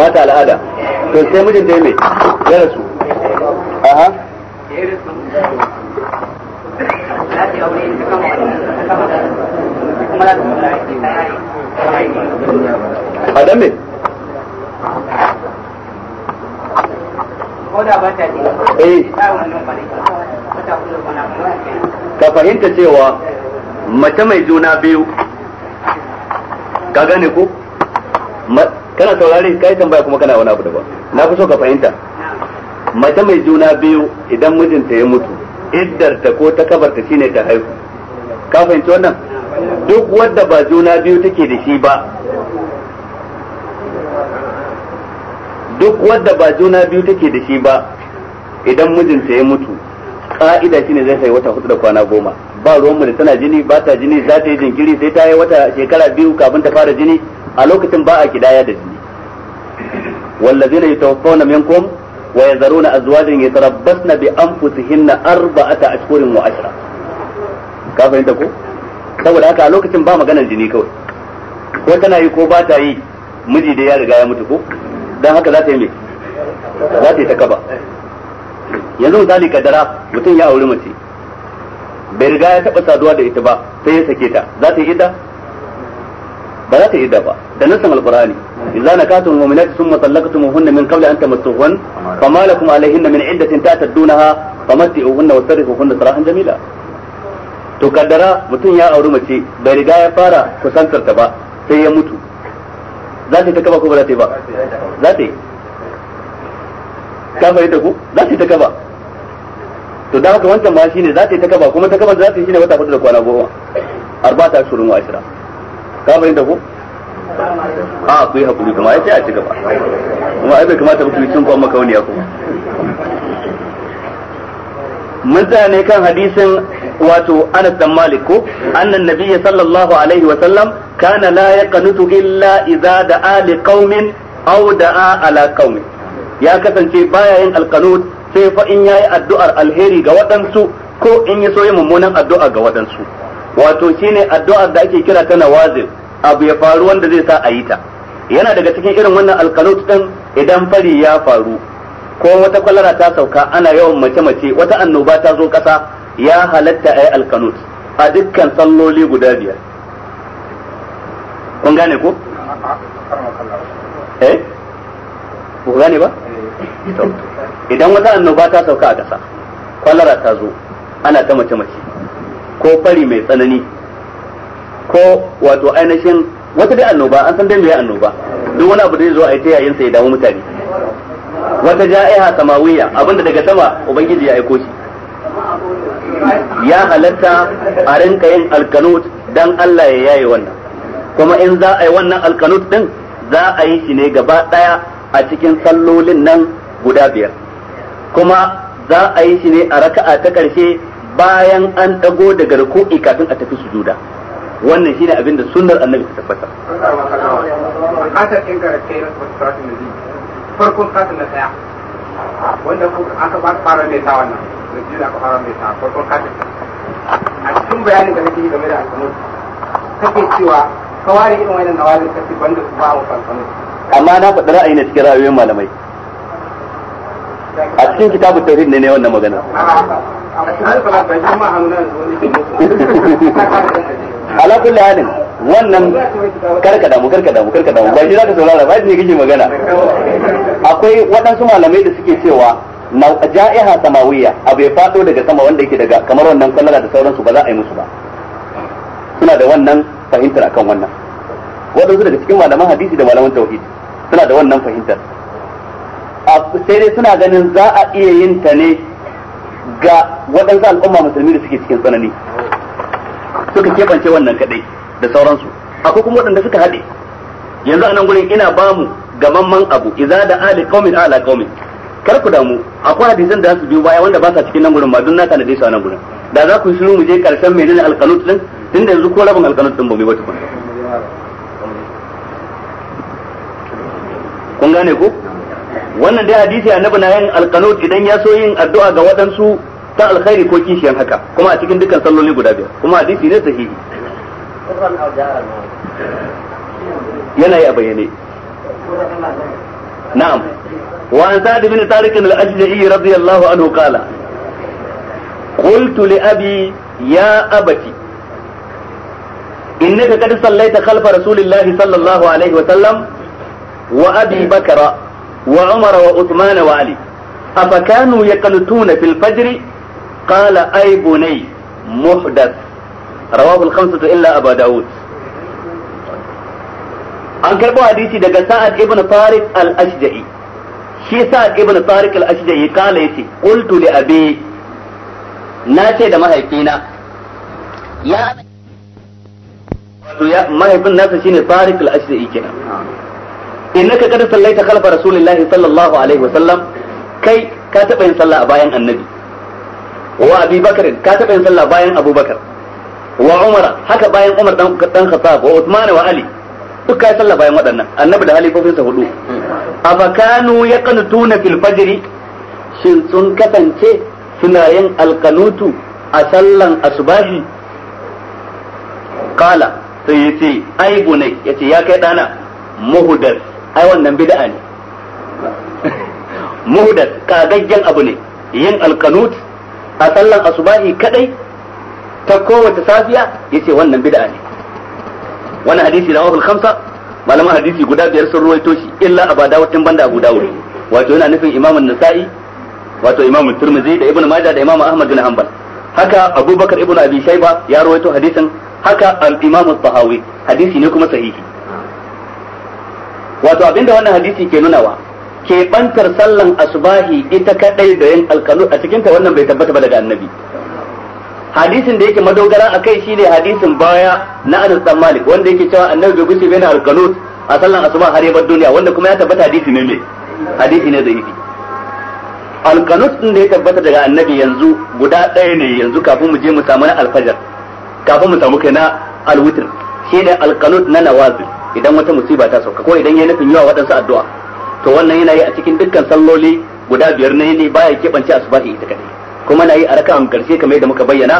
ba ta al'ada to sai mijin da ya mai ya rasu aha a dan me eh. ka fahimta cewa mace mai juna biyu ka gane ko kana saurare kai tambaya kuma kana wani abu daban na fi so ka fahimta mace mai juna biyu idan mijinta ya mutu iddar ta ko ta kabarta shine ta haihu ka fahimci wannan duk wadda ba juna biyu take da shi ba duk wadda ba juna biyu take da shi ba idan mijinta ya mutu ka'ida shine zai sai wata hudu da kwana goma ba mu da tana jini ba ta jini za ta yi jinkiri sai ta yi wata shekara biyu kafin ta fara jini a lokacin ba a kidaya da jini wallazina yatawaffawna minkum wa yazaruna azwajan yatarabbasna bi anfusihinna arba'ata ashhurin wa ashra ka fahimta ko saboda haka a lokacin ba maganar jini kawai ko tana yi ko ba ta yi miji da ya riga ya mutu ko dan haka za ta yi me za ta yi ta kaba yanzu misali kadara mutum ya auri mace bai riga ya taba saduwa da ita ba sai ya sake ta za ta yi ita ba za ta yi da ba da nassan alqur'ani idza nakatu mu'minati thumma talaqtumuhunna min qabli an tamassuhun fama lakum alayhinna min iddatin ta'tadunaha famatti'uhunna wasarrifuhunna sarahan jamila to kaddara mutum ya auri mace bai riga ya fara kusantar ta ba sai ya mutu za ta ta kaba ko ba za ta yi ba za ta yi ka fahimta ku za ta ta kaba to da haka wancan ba shine za ta ta kaba kuma ta kaba za ta shine wata hudu da kwana goma arba'ata ashurun wa ashira ka bayin da ku a ku yi hakuri kuma ya ce a ci gaba kuma ai bai kamata ba cin kwan makauniya kuma mun tsaya ne kan hadisin wato Anas dan Malik ko annan nabiyyi sallallahu alaihi wa sallam kana la yaqnutu illa idza da'a li qaumin aw da'a ala qaumin ya kasance baya yin alqanut sai fa in yayi addu'ar alheri ga waɗansu ko in yi soyayya mummunan addu'a ga waɗansu wato shine addu'ar da ake kira ta nawazil abu ya faru wanda zai sa a yi ta yana daga cikin irin wannan alkanut din idan fari ya faru ko wata kwalara ta sauka ana yawan mace-mace wata annoba ta zo kasa ya halatta a yi alkanut a dukkan salloli guda biyar kun gane ko? eh? ku gane ba? Eh. idan wata annoba ta sauka a kasa kwalara ta zo ana ta mace-mace ko fari mai tsanani ko wato ainihin wata dai annoba an san dai mai annoba duk wani abu da zai zo a yi ta yayin sa ya damu mutane wata ja'iha samawiya abinda daga sama ubangiji ya aiko shi ya halatta a rinka yin alkanut dan Allah ya yaye wannan kuma in za a yi wannan alkanut din za a yi shi ne gaba daya a cikin sallolin nan guda biyar kuma za a yi shi ne a raka'a ta karshe bayan an dago daga ruku'i kafin a tafi sujuda wannan shine abin da sunnar annabi ta tabbata farkon katin na daya wanda aka ba fara mai ta wannan da aka fara mai ta farkon katin a cikin bayanin da kake yi game da alkanu kake cewa kawai irin wannan nawazin kake banda su ba mu alkanu amma na faɗi ra'ayi na cikin ra'ayoyin malamai a cikin kitabun tauhid ne ne wannan magana ala kulli halin wannan karka damu karka damu karka damu ba shi zaka saurara ba ne kike magana akwai waɗansu malamai da suke cewa na ja'iha samawiyya abu ya fado daga sama wanda yake daga kamar wannan kallara da sauransu ba za a yi musu ba suna da wannan fahimtar akan wannan waɗansu daga cikin malaman hadisi da malaman tauhid suna da wannan fahimtar sai dai suna ganin za a iya yin ta ne ga waɗansu al'umma musulmi da suke cikin tsanani suka keɓance wannan kaɗai da sauransu akwai kuma waɗanda suka haɗe yanzu a nan gurin ina ba mu gamamman abu iza da ali qaumin ala qaumin kar ku damu akwai hadisan da su biyo baya wanda ba sa cikin nan gurin ma dun na tanade su a nan gurin da za ku yi shiru mu je karshen menene alqanut din tunda yanzu ko rabin alqanut din ba mai wata kun gane ko wannan dai hadisi annabi na yin alqanut idan ya so yin addu'a ga waɗansu ta alkhairi ko kishiyan haka kuma a cikin dukkan salloli guda biyar kuma hadisi ne sahihi yana yi a bayyane na'am wa an sa'd bin tariq al-ajda'i radiyallahu anhu qala qultu li abi ya abati innaka qad sallaita khalfa rasulillahi sallallahu alaihi wa sallam wa abi bakra wa umar wa usman wa ali afa kanu yaqnutuna fil fajr qala ay bunay muhdath rawahu al khamsatu illa abu daud an karbo hadisi daga sa'ad ibn tariq al ashja'i shi sa'ad ibn tariq al ashja'i kala yace qultu li abi na ce da mahaifina ya wato ya mahaifin nasa shine tariq al ashja'i kenan innaka kada sallaita khalfa rasulillahi sallallahu alaihi wasallam kai ka taɓa yin sallah a bayan annabi wa abi bakr ka taɓa yin sallah bayan abubakar wa umar haka bayan umar dan dan khattab wa usman wa ali duk kai sallah bayan waɗannan annabi da halifofin sa hudu abakanu yaqnutuna fil fajri shin sun kasance suna yin alqanutu a sallan asubahi qala. sai yace ai bunai yace ya kai dana muhdas ai wannan bid'a ne (laughs) muhdath kagaggen abu ne yin alqanut a sallan asubahi kadai ta kowace safiya yace wannan bid'a ne wannan hadisi da wahul khamsa malaman hadisi guda biyar sun ruwaito shi illa aba dawutin banda abu dawud wato yana nufin an nasa'i wato imam turmizi da ibnu majah da imam ahmad bin hanbal haka abubakar ibnu abi shayba ya ruwaito hadisin haka al-imam as-sahawi hadisi ne kuma sahihi wato abinda wannan hadisi ke nunawa ke bantar sallan asubahi ita kadai da yin alkanu a cikin ta wannan bai tabbata ba daga annabi hadisin da yake madogara akai shine hadisin baya na Anas dan Malik wanda yake cewa annabi bai gushi bai na alkanu a sallan asuba har bar duniya wanda kuma ya tabbata hadisi ne ne hadisi ne da yake alkanus din da ya tabbata daga annabi yanzu guda ɗaya ne yanzu kafin mu je mu samu na alfajar kafin mu samu kai na alwitr shi ne na nawazil idan wata musiba ta sauka ko idan ya nufin yawa waɗansu addu'a to wannan yana yi a cikin dukkan salloli guda biyar na yini baya keɓance subahi ita kadai kuma na yi a raka'an karshe kamar yadda muka bayyana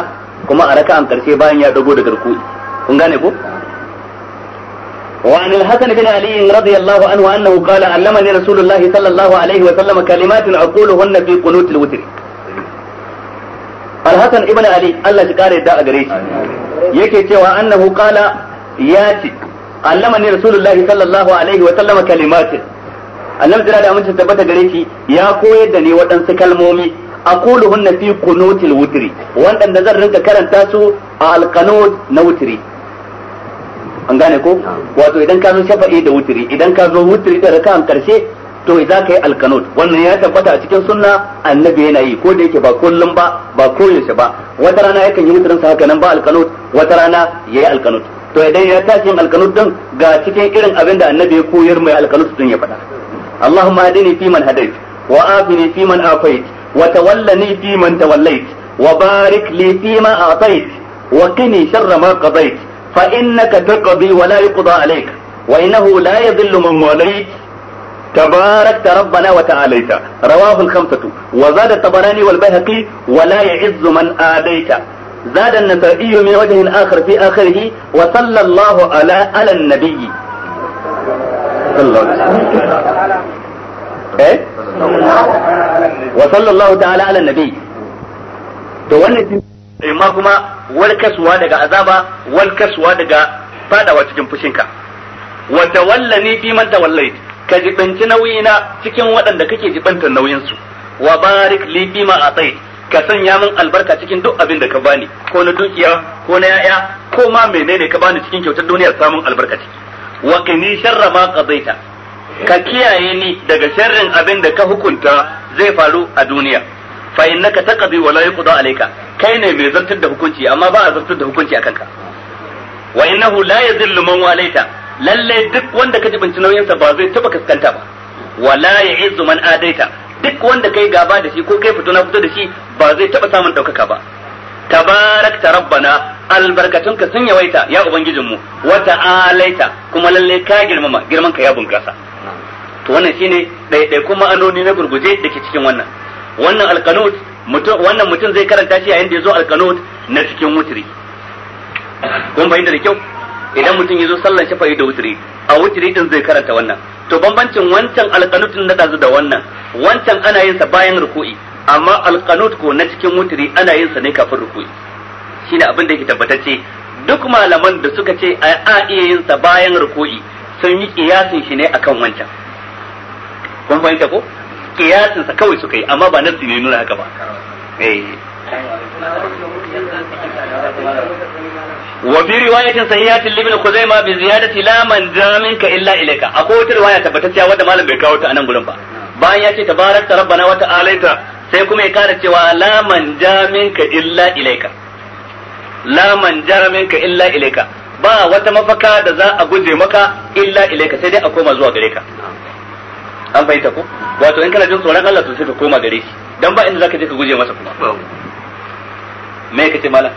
kuma a raka'an karshe bayan ya dago daga rukui kun gane ko وعن الحسن بن علي رضي الله عنه أنه قال علمني رسول الله صلى الله عليه وسلم كلمات أقولهن في قنوت الوتر الحسن ابن علي الله a دا shi يكي cewa annahu قال ياتي ne rasulullahi sallallahu alaihi wa sallama kalimatin annabi jira da amincin tabbata gare shi ya koyar da ni waɗansu kalmomi aquluhunna fi qunutil wutri waɗanda zan rinka karanta su a alqanud na wutri an gane ko wato idan ka zo shafa'i da wutri idan ka zo wutri da raka'an karshe to za ka yi alkanot wannan ya tabbata a cikin sunna annabi yana yi ko da yake ba kullum ba ba koyaushe ba wata rana yakan yi wutrin sa haka nan ba alkanot wata rana yayi alkanot to idan ya tashi yin alkanut din ga cikin irin abin da annabi ya koyar mai alkanut din ya faɗa Allahumma hadini fi man hadait wa afini fi man afait wa tawallani fi man tawallait wa barik li fi ma atait wa qini sharra ma qadait fa innaka taqdi wa la yuqda alayk wa innahu la yadhillu man walayt تباركت ربنا وتعاليت رواه الخمسة وزاد الطبراني والبيهقي ولا يعز من آديت زاد النسائي من وجه آخر في آخره وصلى الله على على النبي صلى الله عليه وسلم إيه؟ وصلى الله تعالى على النبي to ma kuma walkaswa daga azaba walkaswa daga fadawa cikin fushinka wa tawallani fi man tawallait ka jibanci nauyina cikin waɗanda kake jibantar nauyinsu Wabarik barik li fi ma ka sanya min albarka cikin duk abin da ka bani ko na dukiya ko na yaya ko ma menene ka bani cikin kyautar duniya samun albarka ciki wa qini sharra ma qadaita ka kiyaye ni daga sharrin abin da ka hukunta zai faru a duniya fa innaka taqdi wa la yuqda alayka kai ne mai zartar da hukunci amma ba a zartar da hukunci akan ka wa innahu la yadhillu man walaita lalle duk wanda ka jibinci nauyinsa ba zai taba kaskanta ba wala ya'izzu man adaita duk wanda kai gaba da shi ko kai fito na fito da shi ba zai taba samun daukaka ba tabarakta albarkatun ka sun yawaita ya ubangijin mu wata alaita kuma lalle ka girmama girman ka ya bunkasa to wannan shine dai kuma anoni na gurguje dake cikin wannan wannan alqanut mutum wannan mutum zai karanta shi yayin da yazo alqanut na cikin mutri kun bayyana da kyau idan mutum ya zo sallan shafa yi da wutri a wutiri din zai karanta wannan to bambancin wancan alkanutun na ɗazu da wannan wancan ana yin sa bayan ruku'i amma alkanut ko na cikin wutri ana yin sa ne kafin ruku'i shine abin da yake tabbatacce duk malaman da suka ce a iya yin sa bayan ruku'i sun yi kiyasin shi ne akan wancan kun fahimta ko kiyasin sa kawai suka yi amma ba nasu ne nuna haka ba eh. وفي رواية صحيحة لابن خزيمة بزيادة لا من جاء منك إلا إليك أقول رواية تبتتيا ودا مالن بكاو تا أنا ba bayan ya ce tabarak ta rabbana wa ta sai kuma ya kara cewa la man ja illa ilaika la man ja illa ilaika ba wata mafaka da za a guje maka illa ilaika sai dai a koma zuwa gare ka an fahimta ko wato in kana jin tsoron Allah to sai ka koma gare shi dan ba inda zaka je ka guje masa kuma me kace malam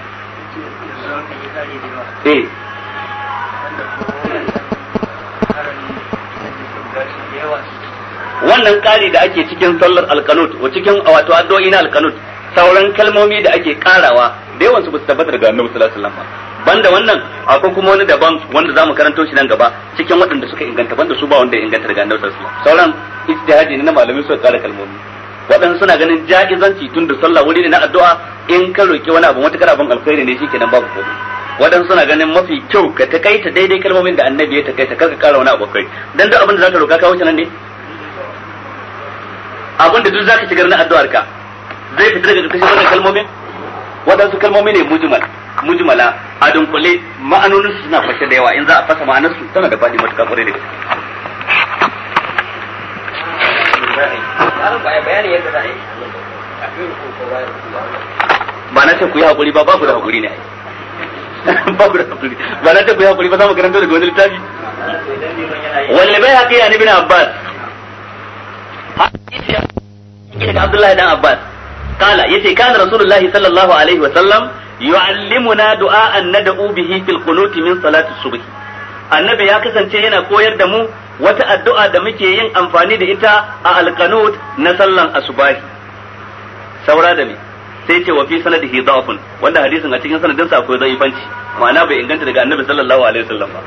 wannan ƙari da ake cikin sallar alkanut wa cikin wato addu'o'i na alkanut sauran kalmomi da ake karawa da yawan su ba su tabbata daga annabi sallallahu alaihi wasallam banda wannan akwai kuma wani daban wanda zamu karanto shi nan gaba cikin waɗanda suka inganta banda su ba wanda ya inganta daga annabi sallallahu alaihi wasallam sauran ijtihadi ne na malamai suka kara kalmomi waɗansu suna ganin ja'izanci tun da sallah wuri ne na addu'a in ka roki wani abu wata kana alkhairi ne shikenan babu komai waɗansu suna ganin mafi kyau ka takaita daidai kalmomin da annabi ya takaita kar ka kara wani abu kai dan duk abin da zaka roka ka wuce nan ne abin da duk zaka shigar na addu'ar ka zai fita daga kashe wannan kalmomin waɗansu kalmomi ne mujmal mujmala a dunkule ma'anonin su suna fashe da yawa in za a fasa ma'anar su tana da fadi matuƙa ƙwarai da gaske ba na ce ku yi haƙuri ba ba ku da haƙuri ne babu da hakuri ba na ta ku hakuri ba za mu karanta daga wani littafi Wani wal bayhaqi an ibn abbas daga abdullahi dan abbas kala yace kana rasulullahi sallallahu alaihi wa sallam yu'allimuna du'a an nad'u bihi fil qunuti min salati subh annabi ya kasance yana koyar da mu wata addu'a da muke yin amfani da ita a alqanut na sallan asubahi saura da ni. sai ce wa fi sanadihi da'fun wanda hadisin a cikin sanadin sa akwai zaifanci ma'ana bai inganta daga annabi sallallahu alaihi wasallam ba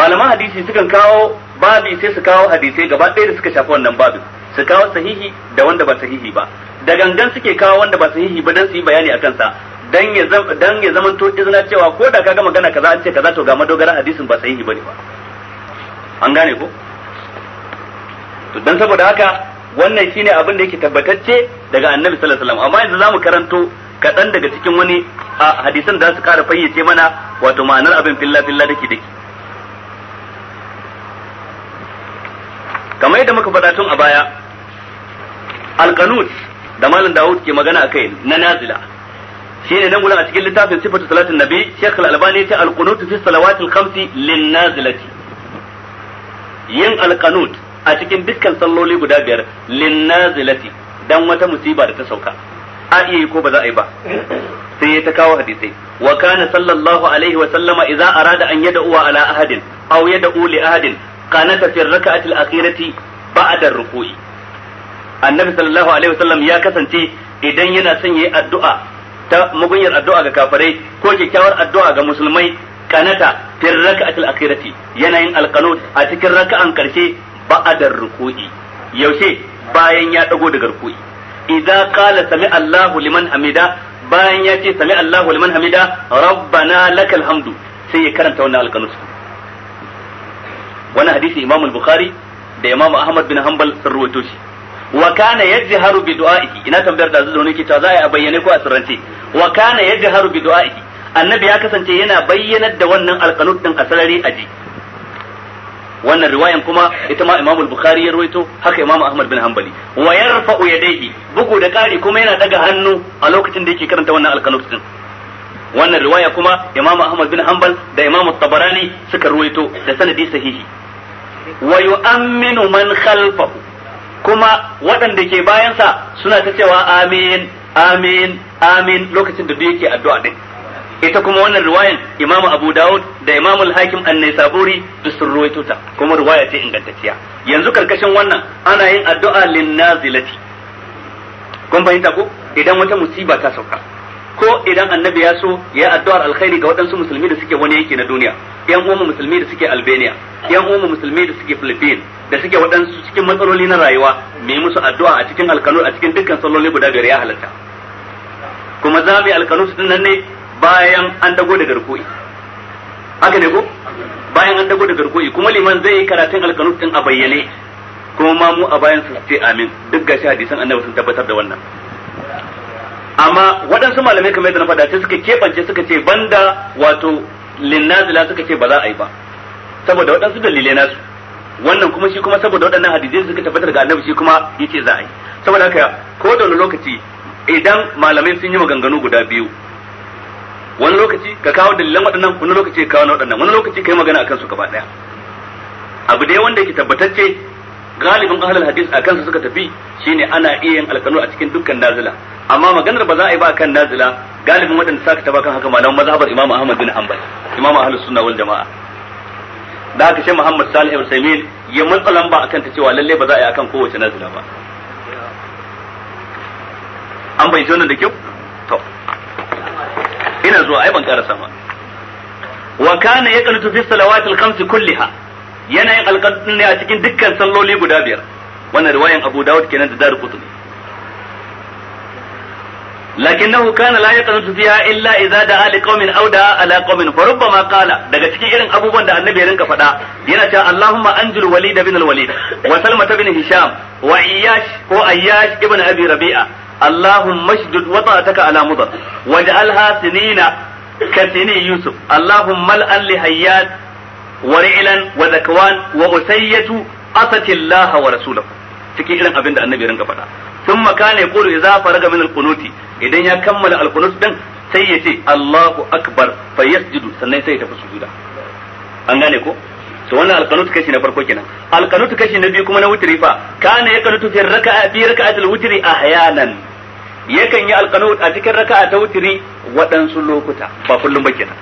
malaman hadisi sukan kawo babi sai su kawo hadisai gaba ɗaya da suka shafi wannan babin su kawo sahihi da wanda ba sahihi ba da gangan suke kawo wanda ba sahihi ba dan su yi bayani akan sa dan ya dan ya to izina cewa ko da kaga magana kaza an ce kaza to ga madogara hadisin ba sahihi bane ba an gane ko to dan saboda haka wannan shine abin da yake tabbatacce daga annabi sallallahu alaihi wasallam amma yanzu zamu karanto kaɗan daga cikin wani hadisan da su kara fayyace mana wato ma'anar abin filla filla dake dake kamar yadda muka faɗa tun a baya al-qanun da malam Dawud ke magana akai na nazila shine nan gurin a cikin littafin sifatu salatin nabi Sheikh Al-Albani ta alqanut fi salawatil khamsi lin nazilati yin al-qanun. a cikin dukkan salloli guda biyar linnazilati dan wata musiba da ta sauka a iya yi ko ba za a yi ba sai ya ta kawo hadisai wa kana sallallahu alaihi wa sallama idza arada an yad'u ala ahadin aw yad'u li ahadin qanata fi rak'ati al-akhirati ba'da rukui annabi sallallahu alaihi wa sallam ya kasance idan yana son yayi addu'a ta mugunyar addu'a ga kafirai ko kyakkyawar addu'a ga musulmai kanata fi raka'atil akhirati yana yin alqanut a cikin raka'an karshe ba'adar ruku'i yaushe bayan ya dago daga ruku'i idza qala sami Allahu liman hamida bayan ya ce sami Allahu liman hamida rabbana lakal hamdu sai ya karanta wannan alqanus wannan hadisi Imam al-Bukhari da Imam Ahmad bin Hanbal sun ruwaito shi wa kana yajharu bi du'a'ihi ina tambayar da zuwa nake ta za a bayyane ko a sirrance wa kana yajharu bi du'a'ihi annabi ya kasance yana bayyanar da wannan alqanus din a sarari aji wannan riwayan kuma ita ma Imam Bukhari ya ruwaito haka Imam Ahmad bin Hanbali wa yarfa'u yadayhi bugu da kari kuma yana daga hannu a lokacin da yake karanta wannan al-Qanut din wannan riwaya kuma Imam Ahmad bin Hanbal da Imam Tabarani suka ruwaito da sanadi sahihi wa yu'minu man khalfahu kuma waɗanda ke bayansa suna ta cewa amin amin amin lokacin da duk yake addu'a din ita kuma wannan riwayan Imam Abu Dawud da Imam Al-Hakim An-Naisaburi duk sun ruwaito ta kuma riwaya ce ingantacciya yanzu karkashin wannan ana yin addu'a lin-nazilati kun fahimta ko idan wata musiba ta sauka ko idan annabi ya so ya yi addu'ar alkhairi ga waɗansu musulmi da suke wani yanki na duniya yan uwan musulmi da suke Albania yan uwan musulmi da suke Philippines da suke waɗansu cikin matsaloli na rayuwa mai musu addu'a a cikin alkanu a cikin dukkan salloli guda biyar ya halatta kuma za yi alkanu su nan ne bayan an dago daga ruku'i haka ne ko bayan an dago daga ruku'i kuma liman zai yi karatun alkanut din a bayyane kuma ma mu a bayan su ce amin duk ga hadisan annabi sun tabbatar da wannan amma waɗansu malamai kamar yadda na faɗa sai suka kebance suka ce banda wato linnazila suka ce ba za a yi ba saboda waɗansu dalilai nasu wannan kuma shi kuma saboda waɗannan hadisai suka tabbatar ga annabi shi kuma yace za a yi saboda haka ko da lokaci idan malamai sun yi maganganu guda biyu wani lokaci ka kawo dalilan waɗannan wani lokaci ka kawo na waɗannan wani lokaci ka yi magana akan su gaba ɗaya abu dai wanda yake tabbatacce galibin ahlul hadis akan su suka tafi shine ana iya yin alƙalu a cikin dukkan nazila amma maganar ba za a yi ba akan nazila galibin waɗanda saka ta bakan haka malaman mazhabar imam ahmad bin hanbal imam ahlus sunna wal jama'a da haka sai muhammad salih ibn saimin ya matsa lamba akan ta cewa lalle ba za a yi akan kowace nazila ba an bai wannan da kyau to ina zuwa ai ban karasa sama. wa kana yaqnutu fi salawatil khams kulliha yana yin ne a cikin dukkan salloli guda biyar wannan riwayan Abu Dawud kenan da Darqutni lakinnahu kana la yaqnutu fiha illa idza da'a liqaumin aw da'a ala qaumin fa rubbama qala daga cikin irin abubuwan da annabi ya rinka faɗa yana cewa Allahumma anjil walid bin al-walid wa salma bin hisham wa iyash ko ayyash ibn abi rabi'a Allahun masjid wata ta ka ala waje alhasini na katini Yusuf Allahun mal’an lihayyar wani ilan wadda kawan wa musayi ya tu a sakin lahawar Sula cikin irin abin da annabirin ga fada. Sun maka ne ya zafa raga min idan ya kammala alkunut ɗin sai ya ce Allahu akbar fayyar jidu sannan sai ya tafi su to wannan alqanut kashi na farko kenan alqanut kashi na biyu kuma na wutri fa kana yaqnutu fi raka'a bi raka'atil wutri ahyanan yakan yi alqanut a cikin raka'a ta wutri waɗansu lokuta ba kullum ba kenan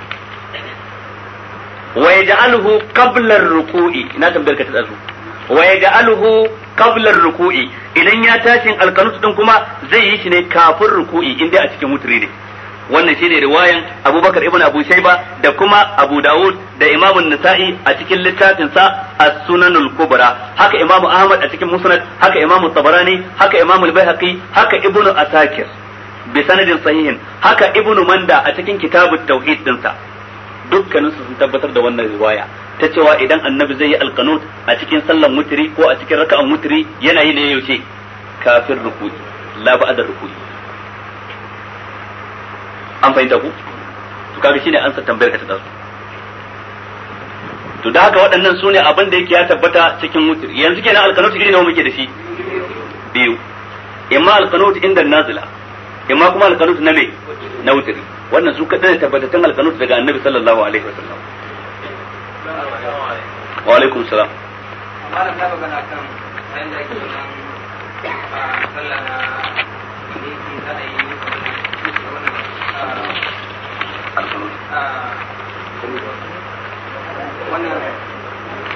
wa yaj'aluhu qabla rukui ina tambayar ka ta dazu wa yaj'aluhu qabla rukui idan ya tashin alqanut din kuma zai yi shi ne kafin ruku'i inda a cikin wutri ne wannan shine riwayan Abubakar ibn Abu Shayba da kuma Abu Dawud da Imam Nasa'i a cikin littafin sa As-Sunanul Kubra haka Imam Ahmad a cikin Musnad haka Imam Tabarani haka Imam Al-Baihaqi haka Ibn Asakir bi sanadin sahihin haka Ibn Manda a cikin Kitabut Tauhid din sa dukkanin su sun tabbatar da wannan riwaya ta cewa idan annabi zai yi alqanut a cikin sallan mutri ko a cikin raka'an mutri yana yi ne yaushe kafin ruku'i la ba'da ruku'i an fahimta ku to kaga shine ansa tambayar ka ta dasu to da haka waɗannan su ne abin da yake ya tabbata cikin wutir yanzu kenan alkanot iri nawa muke da shi biyu imma alkanot inda nazila imma kuma alkanot na me na wutir wannan su kaɗai tabbata tabbatattun alkanot daga annabi sallallahu alaihi wasallam wa alaikum salam ah, sallah na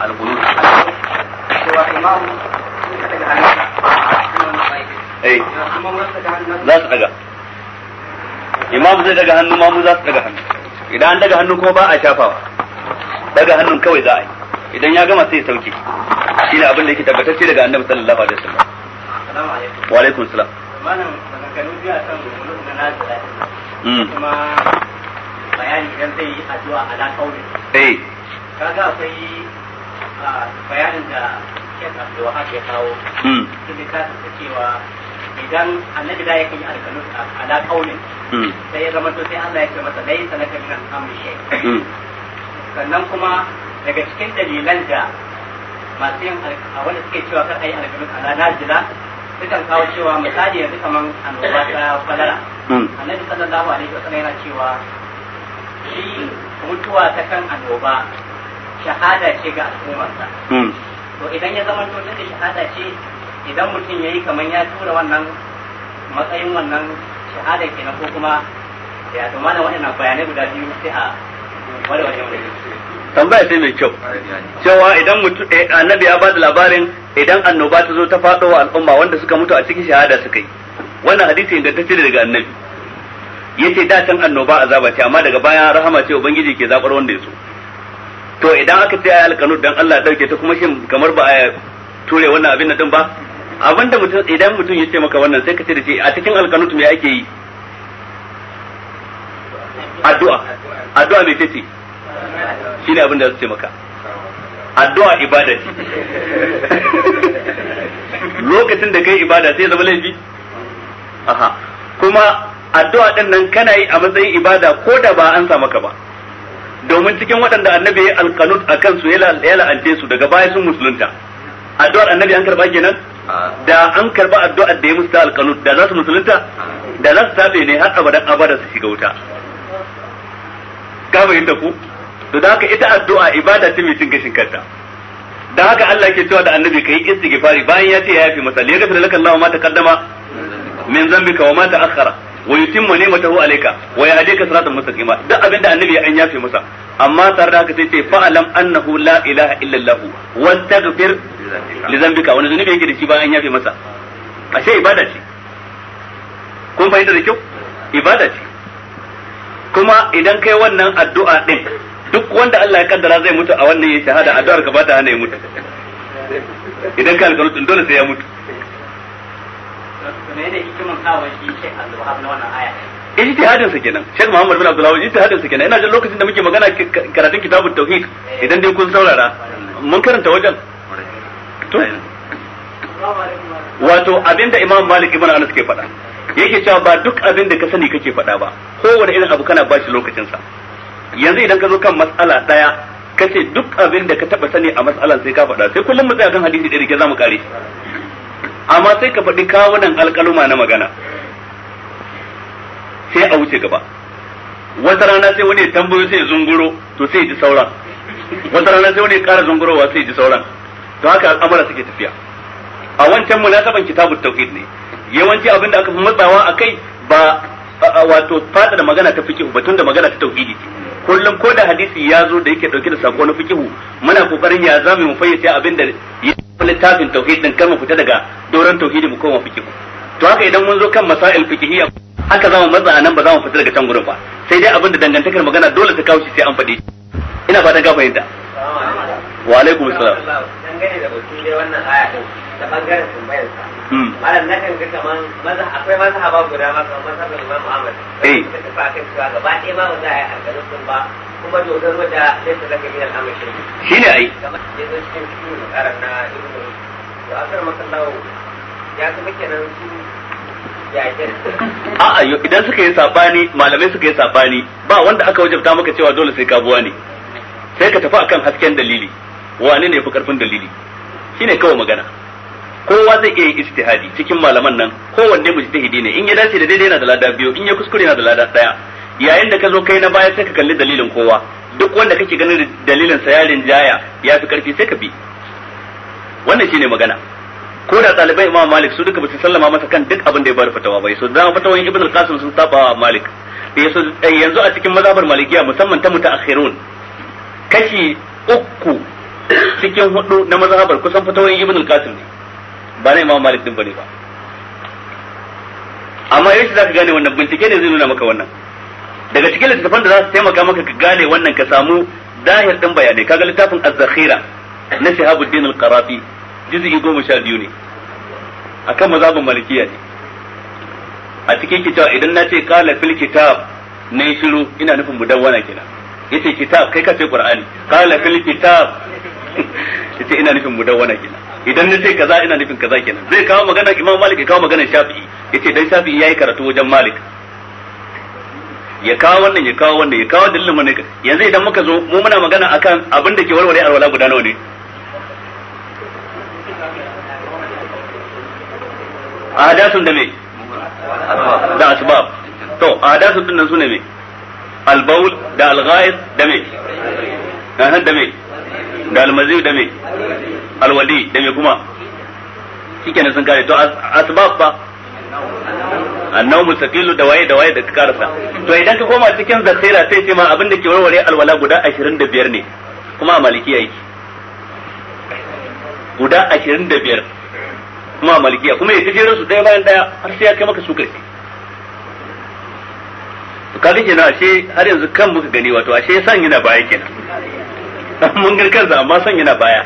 alkunut za su daga imam zai daga hannu mamu za su daga hannu idan an daga hannu kuma ba a shafawa daga hannun kawai za a yi idan ya gama sai sauke shi ne abin da yake tabbatacce daga annabi sallallahu alaihi wasallam wa alaikum salam malam daga kanu biya san na nazila Mm. kuma bayani idan zai yi addu'a ala kaulin eh kaga akwai bayanin da Sheikh Abdul Wahab ya kawo cikin mm. kasu ta cewa idan annabi da yake alkanu ala kaulin sai ya zama to sai Allah ya ce masa dai sanaka min al-amri shay mm. sannan kuma daga cikin dalilan da masu yin wanda suke cewa kar ayi alkanu ala nazila sukan kawo cewa misali yanzu kaman annoba ta fadara Hmm. annabi sallallahu alaihi wasallam yana cewa shi mutuwa ta kan annoba shahada ce ga al'ummarsa hmm. to idan ya zama tun da shahada ce idan mutum ya yi kamar ya tura wannan matsayin wannan shahada kenan ko kuma ya to mana waɗannan bayanai guda biyu sai a wani wajen wani tambaya sai mai kyau cewa idan mutum eh, annabi ya bada labarin idan annoba ta zo ta faɗo wa al'umma wanda suka mutu a cikin shahada suka yi wannan hadisi ingantacce daga annabi yace da can annoba azaba ce amma daga baya rahama ce ubangiji ke zabar wanda ya so to idan aka ce ayal kanud dan Allah dauke ta kuma shin kamar ba a ture wannan abin din ba abinda mutum idan mutum ya maka wannan sai ka ce da shi a cikin alqanut me ake yi addu'a addu'a me tace shine abin da zai ce maka addu'a ibada ce (laughs) lokacin da kai ibada sai zama laifi aha kuma addu'a din nan kana yi a matsayin ibada ko da ba an maka ba domin cikin waɗanda annabi ya alkanut a kansu ya la'ance su daga baya sun musulunta addu'ar annabi an karba kenan da an karba addu'ar da ya musu ta alkanut da za su musulunta da za su tabe ne har abadan abada su shiga wuta ka fahimta ku to da haka ita addu'a ibada ce mai cin gashin kanta da haka Allah ke cewa da annabi kai istighfari bayan ya ce ya yafi masa li yaghfir laka Allahu ma taqaddama min zambika wa ma ta'akhkhara wa yutimma ni'matahu alayka wa yahdika siratan mustaqima duk abinda annabi an yafe masa amma tare da haka sai ce fa'alam annahu la ilaha illa allah wastaghfir li dhanbika wani zunubi yake da shi bayan an yafe masa ashe ibada ce kun fahimta da kyau ibada ce kuma idan kai wannan addu'a din duk wanda Allah ya kaddara zai mutu a wannan ya shahada addu'ar ka ba ta hana ya mutu idan ka alƙalutin dole sai ya mutu ita hadin su kenan Sheikh Muhammad bin Abdullah hadin su kenan ina jin lokacin da muke magana karatun kitabut tauhid idan dai kun saurara mun karanta wajen wato abinda Imam Malik ibn Anas ke faɗa yake cewa ba duk abin da ka sani kake faɗa ba kowane irin abu kana bashi lokacin sa yanzu idan ka zo kan mas'ala daya kace duk abin da ka taba sani a mas'alan sai ka faɗa sai kullum mu tsaya kan hadisi ɗaya da ke zamu kare amma sai ka faɗi kawunan alƙaluma na magana sai a wuce gaba wata rana sai wani tambayo sai zunguro to sai ji sauran wata rana sai wani ƙara zungurowa sai ji sauran to haka al'amura suke tafiya a wancan munasaban kitabut tauhid ne yawanci abinda aka fi matsawa a kai ba wato fada da magana ta fikihu batun da magana ta tauhidi kullum ko da hadisi ya zo da yake dauke da sako na fikihu muna kokarin ya zamu mu fayyace abinda ya littafin tauhid din kar mu fita daga doron tauhidi mu koma fiqh to haka idan mun zo kan masail fiqhiyya haka zamu matsa nan ba za mu fita daga can gurin ba sai dai abin da dangantakar magana dole ta kawo shi sai an faɗi ina fatan ka fahimta wa alaikum assalam dangane da batun dai wannan aya din da bangaren tambayar sa hmm. malam na kan ga kaman maza akwai maza mazhaba guda ma kaman mazhabin Imam Ahmad eh ta fa kai gaba ɗaya ba za a yi alƙalin ba kuma dodon wata sai zaka min al'amari shi ne ai kamar da zai cikin cikin karan na ilmu to a kar maka ya kuma kenan su (laughs) A'a idan suka yi sabani malamai suka yi sabani ba wanda aka wajabta maka cewa dole sai kabuwa ne sai ka tafi akan hasken dalili wane ne fi karfin dalili ne kawai magana kowa zai iya yin istihadi cikin malaman nan kowanne mujtahidi ne in ya dace da daidai yana da lada biyu in ya kuskure yana da lada daya yayin da ka zo kai na baya sai ka kalli dalilin kowa duk wanda kake ganin dalilin sa ya rinjaya ya fi karfi sai ka bi wannan shine magana ko da ɗalibai imam malik su duka ba su sallama masa kan duk abin da ya bada fatawa ba so da fatawan ibn al-qasim sun saba wa malik eh, yanzu a cikin mazhabar malikiya musamman ta mutaakhirun kashi uku cikin hudu na mazhabar kusan fatawoyin ibn al-qasim ne ba na imam malik din bane ba amma yaushe zaka gane wannan bincike ne zai nuna maka wannan daga cikin littattafan da za su taimaka maka ka gane wannan ka samu dahir din bayanai kaga littafin az-zakhira na Shahabuddin al-Qarafi juz'i goma sha biyu ne akan mazhabin malikiya ne a cikin kitab idan na ce qala fil kitab ne shiru ina nufin mudawwana kenan yace kitab kai ka ce qur'ani qala fil kitab (laughs) yace ina nufin mudawwana kenan idan na ce kaza ina nufin kaza kenan zai kawo magana imam malik ya kawo magana shafi'i yace dan shafi'i yayi karatu wajen malik ya kawo wannan ya kawo wannan ya kawo dalilin mana yanzu idan muka zo mu muna magana akan abin da ke warware alwala guda nawa ne ahadasun da me da asbab to ahadasun din nan sune me albaul da alghais da me da me da almazi da me alwali da me kuma shikenan sun kare to asbab ba annawmu mustaqilu da waye da waye da ka karasa to idan ka koma cikin zakhira sai ce ma abin da ke warware alwala guda 25 ne kuma a malikiya yake guda 25 kuma a malikiya kuma ya tijerin su daya bayan daya har sai ya kai maka su ka kaga kenan ashe har yanzu kan muka gani wato ashe san yana baya kenan (laughs) mun ga kansa amma san yana baya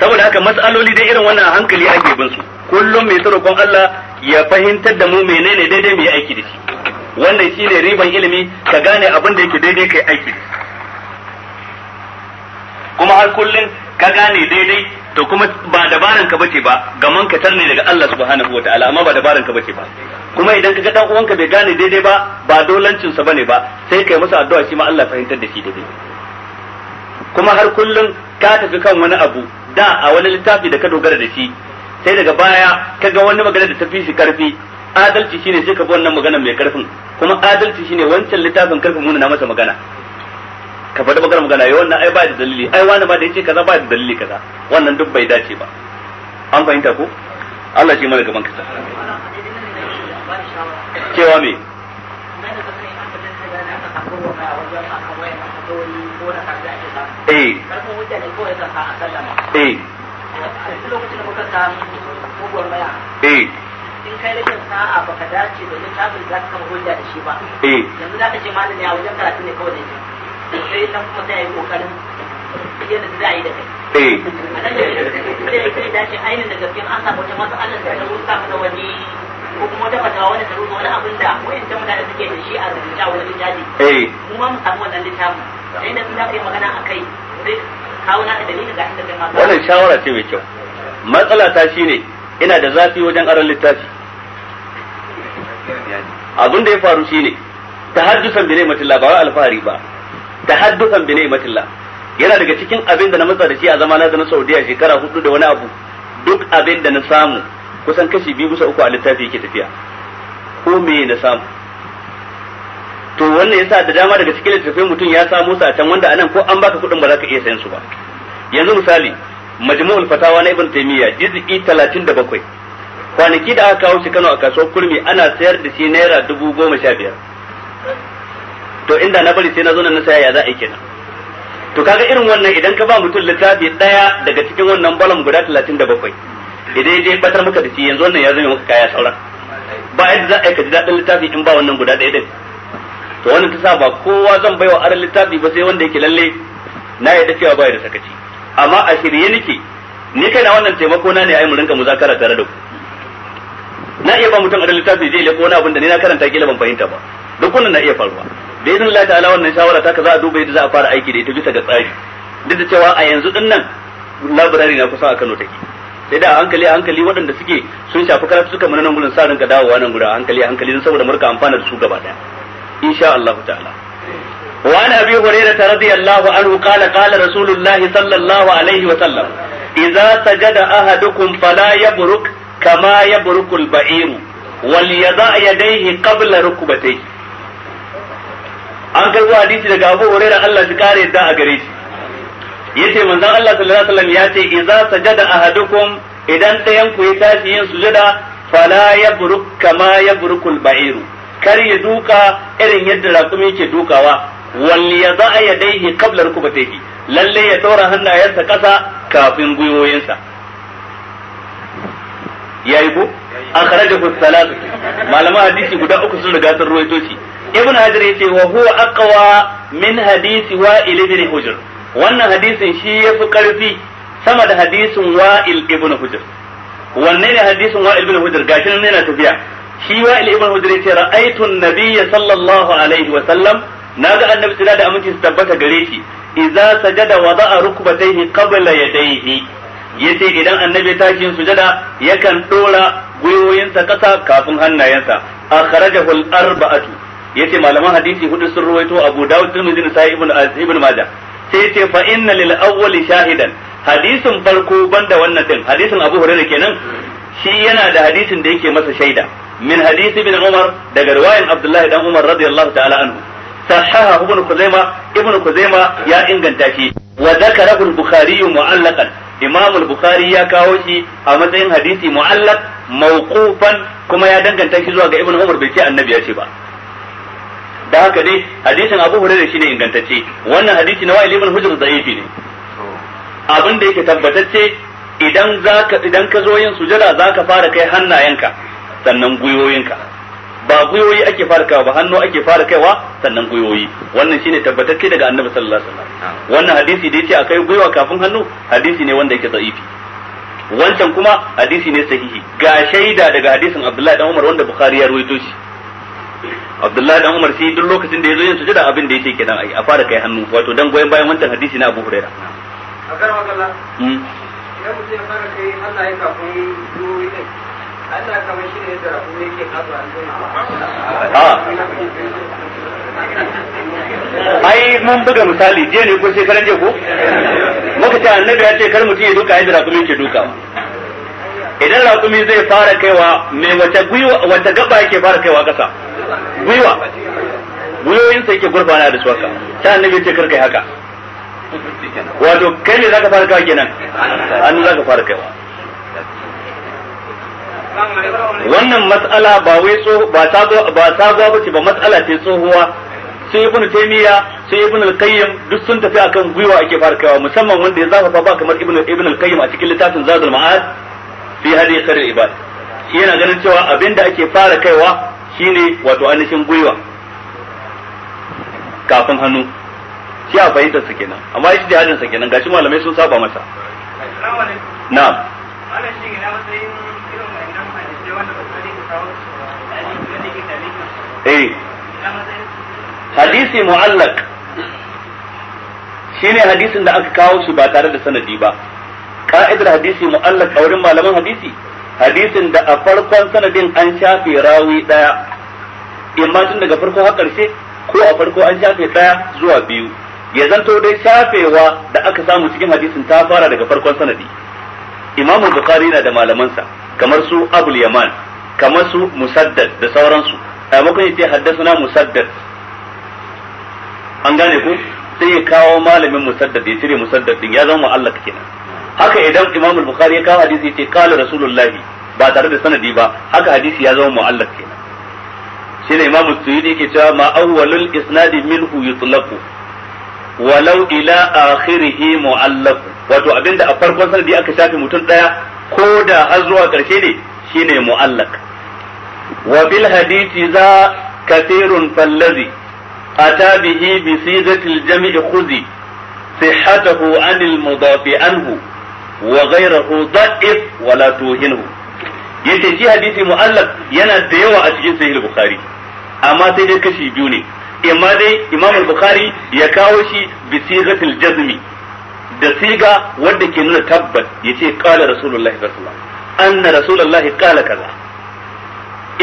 saboda haka mas'aloli dai irin wannan hankali ake bin su kullum mai roƙon Allah ya fahimtar da mu menene daidai mu yi aiki da shi wannan shine riban ilimi ka gane abin da yake daidai kai aiki kuma har kullum ka gane daidai to kuma ba dabaran ka bace ba gaman ka tarne daga Allah subhanahu ta'ala amma ba dabaran ka bace ba kuma idan ka ga dan uwanka bai gane daidai ba ba dolancin sa bane ba sai kai masa addu'a shi ma Allah fahimtar da shi daidai kuma har kullum ka tafi kan wani abu da a wani littafi da ka dogara da shi sai daga baya kaga wani magana da ta fi shi karfi adalci shine sai ka bi wannan magana mai karfin kuma adalci shine wancan littafin karfin mun na masa magana ka faɗi magana magana yau wannan ai ba da dalili ai wani ma da yace kaza ba da dalili kaza wannan duk bai dace ba an fahimta ko Allah shi mana gaban kasa cewa me eh eh duk lokacin da muka samu muguwar maya in kai rashin sa'a ba ka dace da littafin za ka kama hujja da shi ba yanzu za ka ce malam ya wajen karatu ne kawai ne sai nan kuma sai ya yi kokarin yadda za a yi da kai a nan da ya kai dace ainihin da gaskiyar an samu wata matsalar da ta rusa mana wani ko kuma wata fatawa wani ta rusa wani abin da wayan ta mutane suke da shi a rubuta wani littafi mu Kuma mu samu wannan littafin wannan shawara ce mai kyau matsala ta shine ina da zafi wajen aron littafi abun da ya faru shine tahaddusan bine matilla ba wa alfahari ba ta tahaddusan bine matilla yana daga cikin abin da na matsa da shi a zamana da na Saudiya shekara hudu da wani abu duk abin da na samu kusan kashi biyu bisa uku a littafi yake tafiya ko me na samu to wannan yasa da dama daga cikin littattafai mutum ya samu sa can wanda anan ko an baka kuɗin ba za ka iya sayan su ba yanzu misali majmu'ul fatawa na ibn taymiya juz'i 37 kwanaki da aka kawo shi Kano a kasuwar kurmi ana sayar da shi naira dubu goma sha biyar to inda na bari sai na zo na saya ya za a yi kenan to kaga irin wannan idan ka ba mutum littafi daya daga cikin wannan balan guda 37 idan je batar maka da shi yanzu wannan ya zama maka kaya sauran ba yadda za a yi ka ji daɗin littafi in ba wannan guda ɗaya din to wannan ta sa ba kowa zan baiwa aran littafi ba sai wanda yake lalle na yadda cewa ya da sakaci amma a shirye nake ni kaina wannan taimako na ne ai mu rinka muzakara tare da ku na iya ba mutum aran littafi zai lafi wani abin da ni na karanta kila ban fahimta ba duk wannan na iya faruwa da idan Allah ta'ala wannan shawara ta ka za a duba yadda za a fara aiki da ita bisa ga tsari duk da cewa a yanzu din nan labirari na kusa a Kano take sai da hankali hankali waɗanda suke sun shafi karatu suka mana nan gurin sa rinka dawowa nan gura hankali hankali saboda murka amfana da su gaba daya insha Allah ta'ala وعن ابي هريره رضي الله عنه قال قال رسول الله صلى الله عليه وسلم اذا سجد احدكم فلا يبرك كما يبرك البعير وليضع يديه قبل ركبتيه an karbo hadisi daga Abu Hurairah Allah shi kare da a gare shi yace manzon Allah sallallahu alaihi wasallam yace idza sajada ahadukum idan ɗayan ku ya tashi yin sujada fala yabruk kama yabrukul ba'iru kar ya duka irin yadda raƙumi ke dukawa walli ya za a yadaihi kabla rukubatayhi lalle ya ɗora hannayensa ƙasa kafin gwiwoyinsa yi ko kusa salatu malama hadisi guda uku sun riga sun ruwaito shi ibn hajar ce wa huwa aqwa min hadisi wa ibn hujr wannan hadisin shi ya fi karfi sama da hadisin wa'il ibn hujr wanne ne hadisin wa'il ibn hujr gashi nan yana tafiya shi wa ibn hudri ce ra'aytu an-nabiyya sallallahu alaihi wa sallam naga annabi tsira da aminci su tabbata gare shi idza sajada wada'a rukbatayhi qabla yadayhi yace idan annabi tashin sujada yakan dora gwiwoyinsa kasa kafin hannayensa akhrajahu al-arba'atu yace malaman hadisi hudu sun ruwaito Abu Dawud Tirmidhi da Sahih ibn Ibn Majah sai yace fa inna lil awwali shahidan hadisin farko banda wannan din hadisin Abu Hurairah kenan shi yana da hadisin da yake masa shaida min hadisi bin Umar daga riwayan Abdullahi dan Umar radiyallahu ta'ala anhu sahaha ibn Kuzaima ibn Kuzaima ya inganta shi wa zakara ibn bukhari mu'allaqan Imam al-Bukhari ya kawo shi a matsayin hadisi mu'allaq mawqufan kuma ya danganta shi zuwa ga Ibn Umar bai ce annabi ya ce ba da haka dai hadisin Abu Hurairah shine ingantacce wannan hadisi na Wa'il ibn Hujr da'ifi ne abin da yake tabbatacce idan zaka idan ka zo yin sujada zaka fara kai hannayenka sannan guyoyinka. ba guyoyi ake fara kai ba hannu ake fara kaiwa sannan guyoyi. wannan shine kai daga annabi sallallahu alaihi wasallam wannan hadisi da yace akai guyowa kafin hannu hadisi ne wanda yake da'ifi wancan kuma hadisi ne sahihi ga shaida daga hadisin Abdullahi dan Umar wanda Bukhari ya rawaito shi Abdullahi dan Umar sai duk lokacin da yazo yin sujada abin da yake kenan a fara kai hannu wato dan goyen bayan wancan hadisi na Abu Hurairah mutum ya fara kai Allah ya kafin Allah ne kasu a ai mun buga misali jiya ne ko shekaran jiya ko muka ce annabi ya ce kar mutum ya duka yadda rakumi ke duka idan rakumi zai fara kaiwa me wace gwiwa wace gaba yake fara kaiwa kasa gwiwa gwiwoyinsa yake gurfana da su haka sai annabi ya ce kar kai haka wato kai ne zaka fara kawa kenan an zaka fara kaiwa wannan matsala ba wai tso ba zo ba sabo bace ba matsala ce tsohuwa sai ibnu taymiya sai ibnu al-qayyim duk sun tafi akan gwiwa ake fara kaiwa musamman wanda ya zafafa ba kamar ibnu ibnu al-qayyim a cikin littafin zadul ma'ad fi hadi khair ibad shi yana ganin cewa abinda ake fara kaiwa shine wato ainihin gwiwa kafin hannu shi a fahimtar sa kenan amma shi da hadin sa kenan gashi malamai sun saba masa na'am eh hadisi mu'allaq shine hadisin da aka kawo shi ba tare da sanadi ba ka'idar hadisi mu'allaq a wurin malaman hadisi hadisin da a farkon sanadin an shafe rawi daya imma tun daga farko har karshe ko a farko an shafe daya zuwa biyu ya zanto dai shafewa da aka samu cikin hadisin ta fara daga farkon sanadi imam bukhari na da malamansa kamar su abul yaman kamar su musaddad da sauransu a makon yace haddasa musaddad an gane ku sai ya kawo malamin musaddad ya cire musaddad din ya zama mu'allaq kenan haka idan imam bukhari ya kawo hadisi yace qala rasulullahi ba tare da sanadi ba haka hadisi ya zama mu'allaq kenan shine imam suyudi yake cewa ma awwalul isnadi minhu yutlaqu walau ila akhirihi mu'allaf wato abinda a farkon sanadi aka shafe mutum daya ko da har zuwa karshe ne shine mu'allaf wa bil hadithi za kathirun fallazi ata bihi bi sigati jami' khuzi sihhatahu an mudafi anhu wa ghayruhu da'if wa la tuhinu yace shi hadisi muallak yana da yawa a cikin sahih bukhari amma sai dai kashi biyu ne imma dai imam bukhari ya kawo shi bi sigatil jazmi da siga wanda ke nuna tabbat yace qala rasulullahi sallallahu anna rasulullahi qala kaza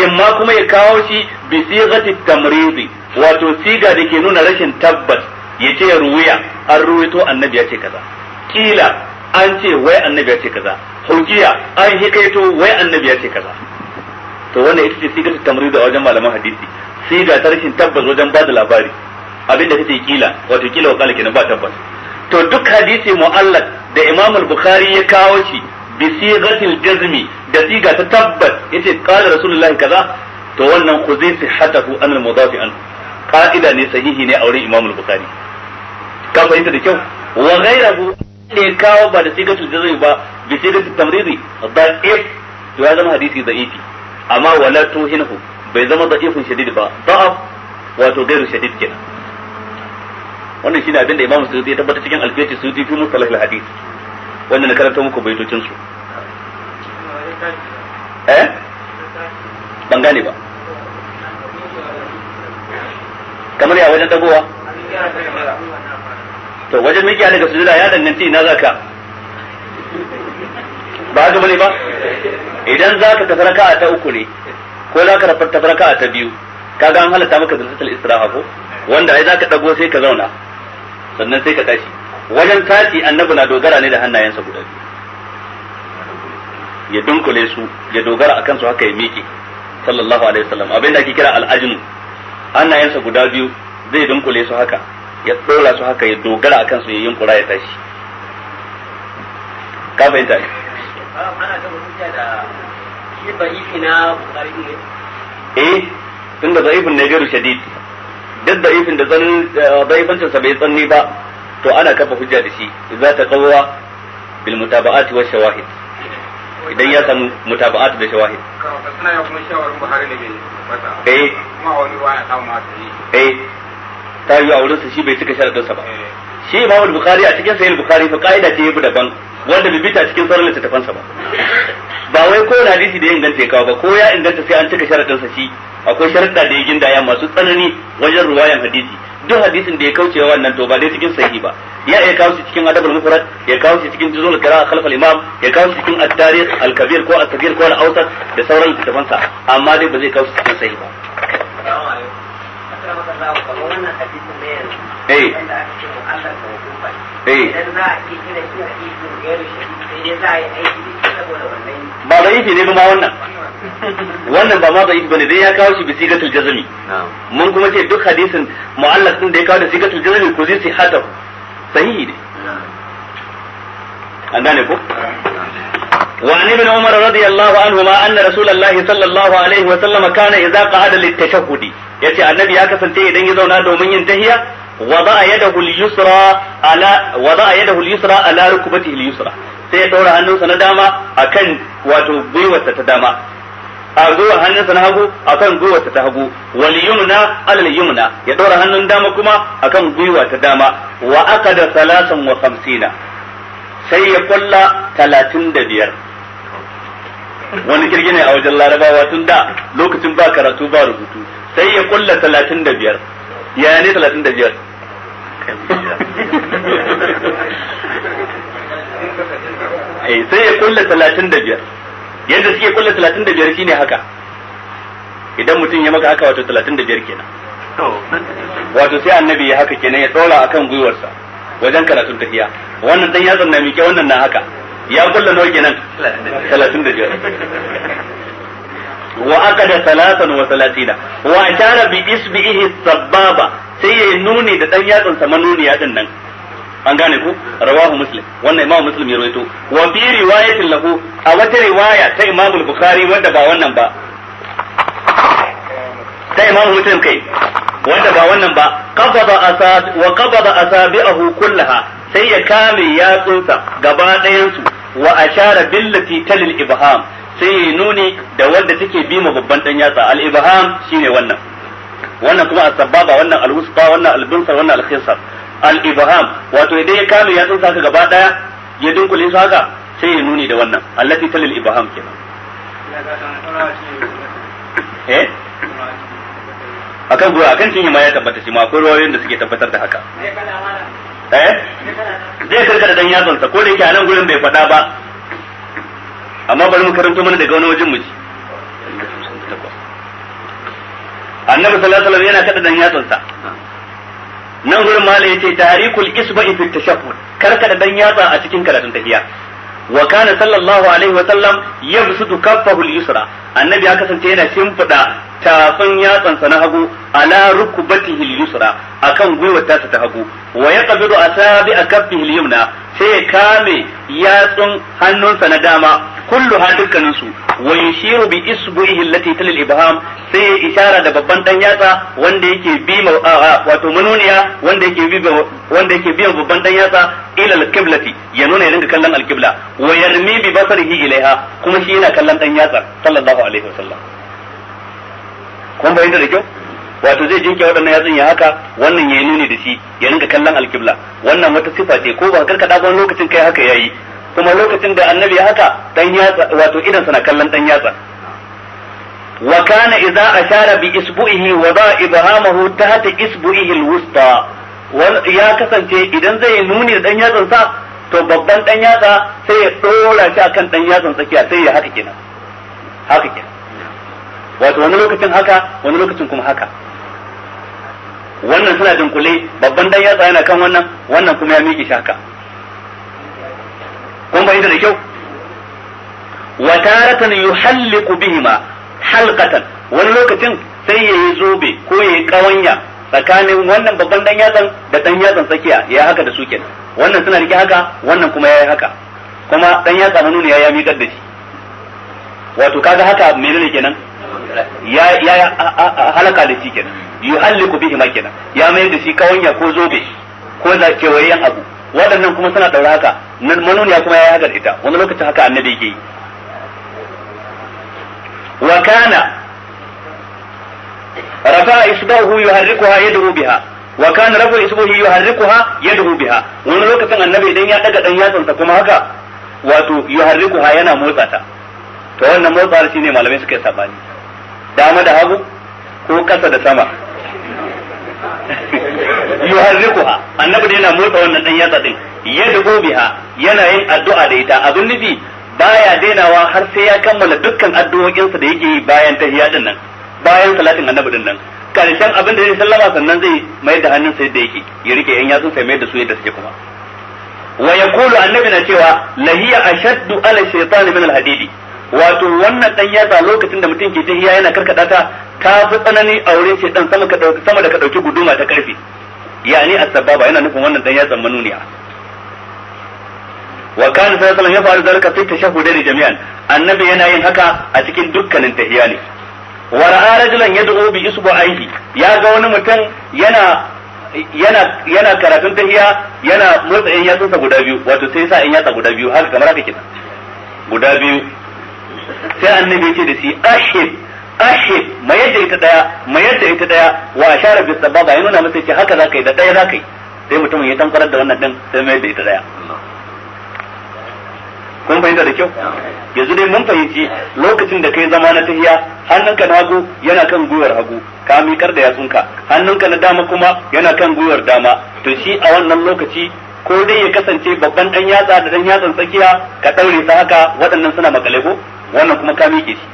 imma kuma ya kawo shi bi sigatit tamridi wato siga da ke nuna rashin tabbas yace ruwiya an ruwaito annabi ya ce kaza kila an ce wai annabi ya ce kaza hujiya an hikaito wai annabi ya ce kaza to wannan ita ce sigar tamridi a wajen malaman hadisi sai ga tarihin tabbas wajen ba da labari da take kila wato kila wa kalake ba tabbas to duk hadisi mu'allaq da Imam al-Bukhari ya kawo shi bi sigatil jazmi da siga ta tabbas yace qala rasulullahi kaza to wannan khuzai sihhatahu an al-mudafi an ka'ida ne sahihi ne a wurin Imam al-Bukhari ka fahimta da kyau wa ghayrahu da kawo ba da sigatul jazmi ba bi sigatil tamridi da'if to ya zama hadisi da'ifi amma wala tuhinhu bai zama ifin shadid ba da'af wato gairu shadid kenan wannan shine abin da imamu Suyuti ya tabbata cikin Al-Fiqh Suyuti fi Mustalah hadith wannan na karanta muku baitocin su eh ban gane ba kamar ya wajen dagowa to wajen miki daga sujuda ya danganci ina zaka ba ga bane ba idan zaka tafi ta uku ne ko za ka rafarta a ta biyu ka ga an halatta maka zalzatul istiraha ko wanda ai za ka ɗago sai ka zauna sannan sai ka tashi wajen tashi annabi na dogara ne da hannayensa guda biyu ya dunkule su ya dogara akan su haka ya miƙe sallallahu alaihi wasallam abinda ake kira al'ajinu hannayensa guda biyu zai dunkule su haka ya dora su haka ya dogara akan su ya yunkura ya tashi ka fahimta ne shi da'ifi na bukari ne eh tun da da'ifin ne gairu shadid duk da'ifin da zan eh, sa bai tsanni ba to ana kafa hujja da shi za ta qawwa bil mutaba'ati wa shawahid idan ya samu mutaba'at da shawahid suna ya kuma shawarin buhari ne bai eh kuma wani waya ta ma ta yi eh ta yi a wurin sa shi bai cika sharadin sa ba eh. shi Imam al-Bukhari a cikin Sahih al-Bukhari fa kaida ce yabu daban wanda bai bita cikin sauran littattafan sa ba ba wai ko hadisi da ya inganta ya kawo ba ko ya inganta sai an cika sharadin sa shi akwai sharadda da ya gindaya masu tsanani wajen ruwayan hadisi duk hadisin da ya kauce wannan to ba dai cikin sahihi ba ya ya kawo shi cikin adabul mufrad ya kawo shi cikin juzul qira'a khalf al imam ya kawo shi cikin at-tarikh al-kabir ko at-saghir ko al-awsat da sauran littafan sa amma dai ba zai kawo shi cikin sahihi ba eh eh ba zaifi ne ba wannan wannan ba ma zaifi bane dai ya kawo shi bi sigatul jazmi mun kuma ce duk hadisin mu'allaq din da ya kawo da sigatul jazmi ko zai sihata sahihi ne an gane ko وعن ابن عمر رضي الله عنهما أن رسول الله صلى الله عليه وسلم كان إذا قعد للتشهد يتي النبي ya kasance idan ya zauna domin yin tahiya wada'a yadahu al-yusra ala wada'a yadahu al-yusra ala sai ya daura hannunsa na dama akan wato gwiwarsa ta dama a gwiwar hannunsa na hagu akan gwiwarsa ta hagu wal yumna alal yumna ya daura hannun dama kuma akan gwiwa ta dama wa da salasan wa khamsina sai ya kulla talatin da biyar wani kirgi ne a wajen larabawa tun da lokacin ba karatu ba rubutu sai ya kulla talatin da biyar ya ne talatin da biyar (laughs) Eh, sai ya kulle talatin da biyar yadda suke kulle talatin da biyar shi ne haka idan mutum ya maka haka wato talatin da biyar kenan wato sai annabi ya haka kenan ya tsora kan gwiwarsa wajen karatun tafiya wannan dan ya zanna mike wannan na haka ya kulle nawa kenan talatin da biyar wa aqada salatan wa salatina wa ashara bi isbihi sababa sai ya nuni da dan yatsun sa manuniya din nan an gane ku rawahu muslim wannan imamu muslim ya rawaito wa fi riwayatin lahu a wata riwaya ta imamu bukhari wanda ba wannan ba ta imamu muslim kai wanda ba wannan ba qabada asad wa qabada asabi'ahu kullaha sai ya kame yatsunsa gaba ɗayan su wa ashara billati talil ibham sai ya nuni da wanda take bi ma babban dan yatsa al ibham shine wannan wannan kuma asbaba wannan al-wusqa wannan al-binsar wannan al-khisar al-ibham wato idan ya kame yatsun sa gaba daya ya dinkule su haka sai ya nuni da wannan allati talil ibham kenan eh akan gura akan cinye ma ya tabbata shi ma akwai ruwayoyin da suke tabbatar da haka eh zai karkata dan yatsun ko da yake a nan gurin bai faɗa ba amma bari mu karanto mana daga wani wajen mu ji annabi sallallahu alaihi wasallam yana kada dan yatsansa nan gurin mala yace tarikul isba fi tashahhud karkada dan yatsa a cikin karatun tahiyya wa kana sallallahu alaihi wasallam yabsutu kaffahu al-yusra annabi ya kasance yana shimfida tafin yatsansa na hagu ala rukbatihi al a akan gwiwar tasa ta hagu wa yaqbidu a akaffihi al na sai kame yatsun hannunsa na dama kullu ha dukkaninsu su wa yushiru bi isbu'ihi allati talil ibham sai ya isara da babban dan yatsa wanda yake bi wato manuniya wanda yake bi wanda yake biyan babban dan yatsa ila al ya nuna ya dinga kallon al-qibla wa yarmi bi basarihi ilaiha kuma shi yana kallon dan yatsa sallallahu alaihi wasallam kun bayyana da kyau wato zai jinke waɗannan yatsun ya haka wannan ya yi nuni da shi ya rinka kallon alkibla wannan wata sifa ce ko ba karkada ba lokacin kai haka yayi kuma lokacin da annabi ya haka dan yatsa wato idan sana kallon dan yatsa wa kana idza ashara bi isbu'ihi wa da ibhamahu tahta isbu'ihi alwusta ya kasance idan zai nuni da dan yatsan sa to babban dan yatsa sai ya dora shi akan dan yatsan tsakiya sai ya haka kenan haka kenan wato wani lokacin haka wani lokacin kuma haka wannan suna dunkule babban dan yatsa yana kan wannan wannan kuma ya miƙe shi haka kun bayyana da kyau wa taratan yuhalliqu bihima halqatan wani lokacin sai yayi zobe ko yayi kawanya tsakanin wannan babban dan yatsan da dan yatsan tsakiya ya haka da su kenan wannan suna rike haka wannan kuma yayi haka kuma dan yatsa hannu ne ya miƙar da shi wato kaga haka menene kenan ya ya halaka da shi kenan yuhalliku bihi ma kenan ya mayar da shi kawanya ko zobe ko na kewayen abu waɗannan kuma suna daura haka manuniya kuma ya haka ita wani lokacin haka annabi yake yi wa kana rafa isbahu yuharrikuha yad'u biha wa kana rafa isbahu yuharrikuha yad'u biha wani lokacin annabi idan ya daga dan yatsansa kuma haka wato yuharrikuha yana motsa ta to wannan shi ne malamai suka yi sabani dama da hagu ko kasa da sama yuharrikuha annabi ne yana motsa wannan dan yatsa din yadgo biha yana yin addu'a da ita abin nufi baya dainawa har sai ya kammala dukkan addu'o'insa da yake yi bayan tahiyya din nan bayan salatin annabi din nan karshen abin da zai sallama sannan zai mai da hannun sai da yake ya rike yan yatsun sai mai da su yadda suke kuma wa yaqulu annabi na cewa lahiya ashaddu ala shaytan min al-hadidi wato wannan dan yatsa lokacin da mutum ke tahiya yana karkada ta ta fi tsanani a wurin dan sama ka sama da ka dauki guduma ta karfe yani as-sababa yana nufin wannan dan yasa manuniya wa kana sallallahu alaihi wasallam ya faru zalika fi tashahhudain jami'an annabi yana yin haka a cikin dukkanin tahiya ne wa ra'a rajulan yad'u bi isbu'aihi ya ga wani mutum yana yana yana karatun tahiya yana motsa in yatsunsa guda biyu wato sai sa in yatsa guda biyu haka kamar haka kenan guda biyu sai annabi ya ce da shi ashid ashid mayar da ita daya mayar da ita daya wa ashara bis sababa yana nuna masa yace haka zaka yi da daya zaka yi sai mutumin ya tankarar da wannan din sai mayar da ita daya kun fahimta da kyau yanzu dai mun fahimci lokacin da kai zama na tahiya hannunka na hagu yana kan gwiwar hagu ka miƙar da yatsunka hannunka na dama kuma yana kan gwiwar dama to shi a wannan lokaci ko dai ya kasance babban dan yatsa da dan yatsan tsakiya ka daure sa haka waɗannan suna makale wannan kuma ka miƙe shi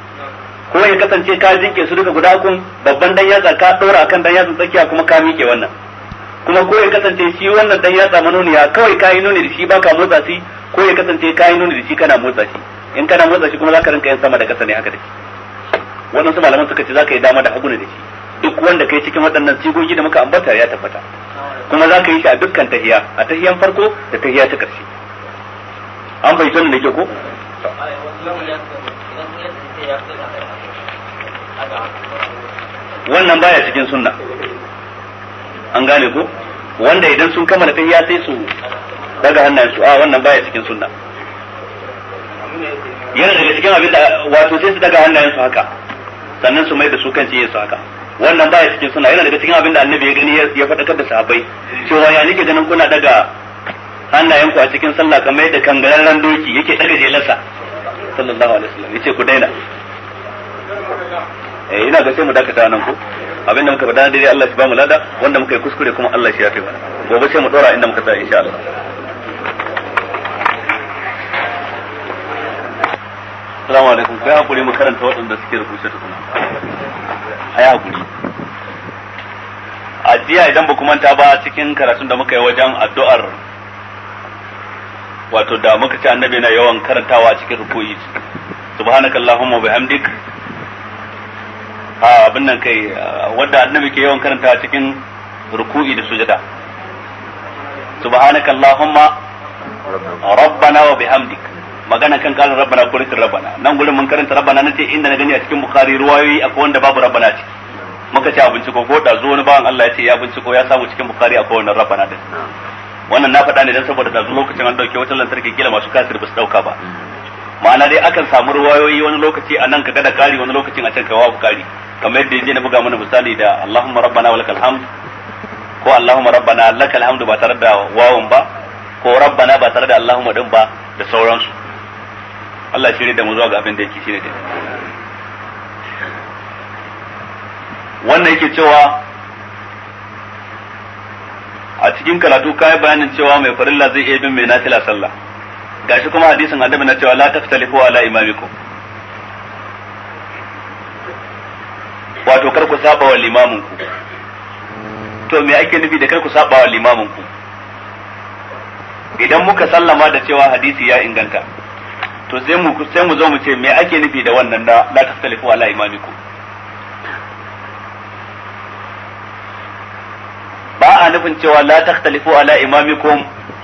ko ya kasance ka jinke su duka guda kun babban dan yatsa ka dora akan dan yatsa tsakiya kuma ka miƙe wannan kuma ko ya kasance shi wannan dan yatsa manoniya kawai ka yi nuni da shi baka motsa shi ko ya kasance ka yi nuni da shi kana motsa shi in kana motsa shi kuma zaka rinka yin sama da kasa ne haka da shi wannan su malaman suka ce zaka yi dama da hagu ne da shi duk wanda kai cikin waɗannan sigogi da muka ambata ya tabbata kuma za ka yi shi a dukkan tahiya a tahiyan farko da tahiya ta ƙarshe an bai sanin da ke ko wannan baya cikin sunna an gane ko wanda idan sun kammala ya sai su daga hannayen su a ah, wannan baya cikin sunna yana daga cikin abin da wato sai su daga hannayen su haka sannan su mai da su kan ciye su haka wannan baya cikin sunna yana daga cikin abin da annabi ya gani ya faɗakar da sahabbai cewa ya nike ganin kuna daga hannayen ku a cikin sallah kamar yadda kangararren randoki yake daga jelarsa sallallahu alaihi wasallam yace ku daina eh ina ga sai mu dakata nan abin da muka faɗa dai Allah shi ba mu lada wanda muka yi kuskure kuma Allah shi ya kai mana gobe sai mu dora inda muka sa insha Allah Assalamu alaikum kai hakuri mu karanta waɗanda suke rubuce kuma ai hakuri a jiya idan ba ku manta ba cikin karatun da muka yi wajen addu'ar wato da muka ci annabi na yawan karantawa a cikin rukuyi subhanakallahumma bihamdik a ah, abin nan kai ah, wanda annabi ke yawan karantawa cikin rukuyi da sujada subhanakallahumma rabbana wa bihamdik magana kan kala rabbana ko rikin rabbana nan gurin mun karanta rabbana nace inda na gani a cikin bukhari ruwayoyi akwai wanda babu rabbana ciki muka ci abinci ko ko da zo wani bawan Allah ya ce ya ko ya samu cikin bukhari akwai wannan rabbana din wannan na faɗa ne dan saboda da lokacin an dauke wutar lantarki kila masu kasir ba su dauka ba ma'ana dai akan samu ruwayoyi wani lokaci a nan ka gada kari wani lokacin a can ka wabu kari kamar yadda yaje na buga mana misali da Allahumma rabbana walakal hamd ko Allahumma rabbana lakal hamdu ba tare da wawan ba ko rabbana ba tare da Allahumma din ba da sauransu Allah shirye da mu zuwa ga abin da yake shirye dai wannan yake cewa a cikin karatu kai bayanin cewa mai farilla zai iya bin mai nafila sallah gashi kuma hadisin annabi na cewa la taftalifu ala imamikum wato kar ku saba wa limamin ku to me ake nufi da kar ku saba wa limamin ku idan muka sallama da cewa hadisi ya inganta to sai mu sai mu zo mu ce me ake nufi da wannan da la taftalifu ala imamikum ba a nufin cewa la takhtalifu ala imamikum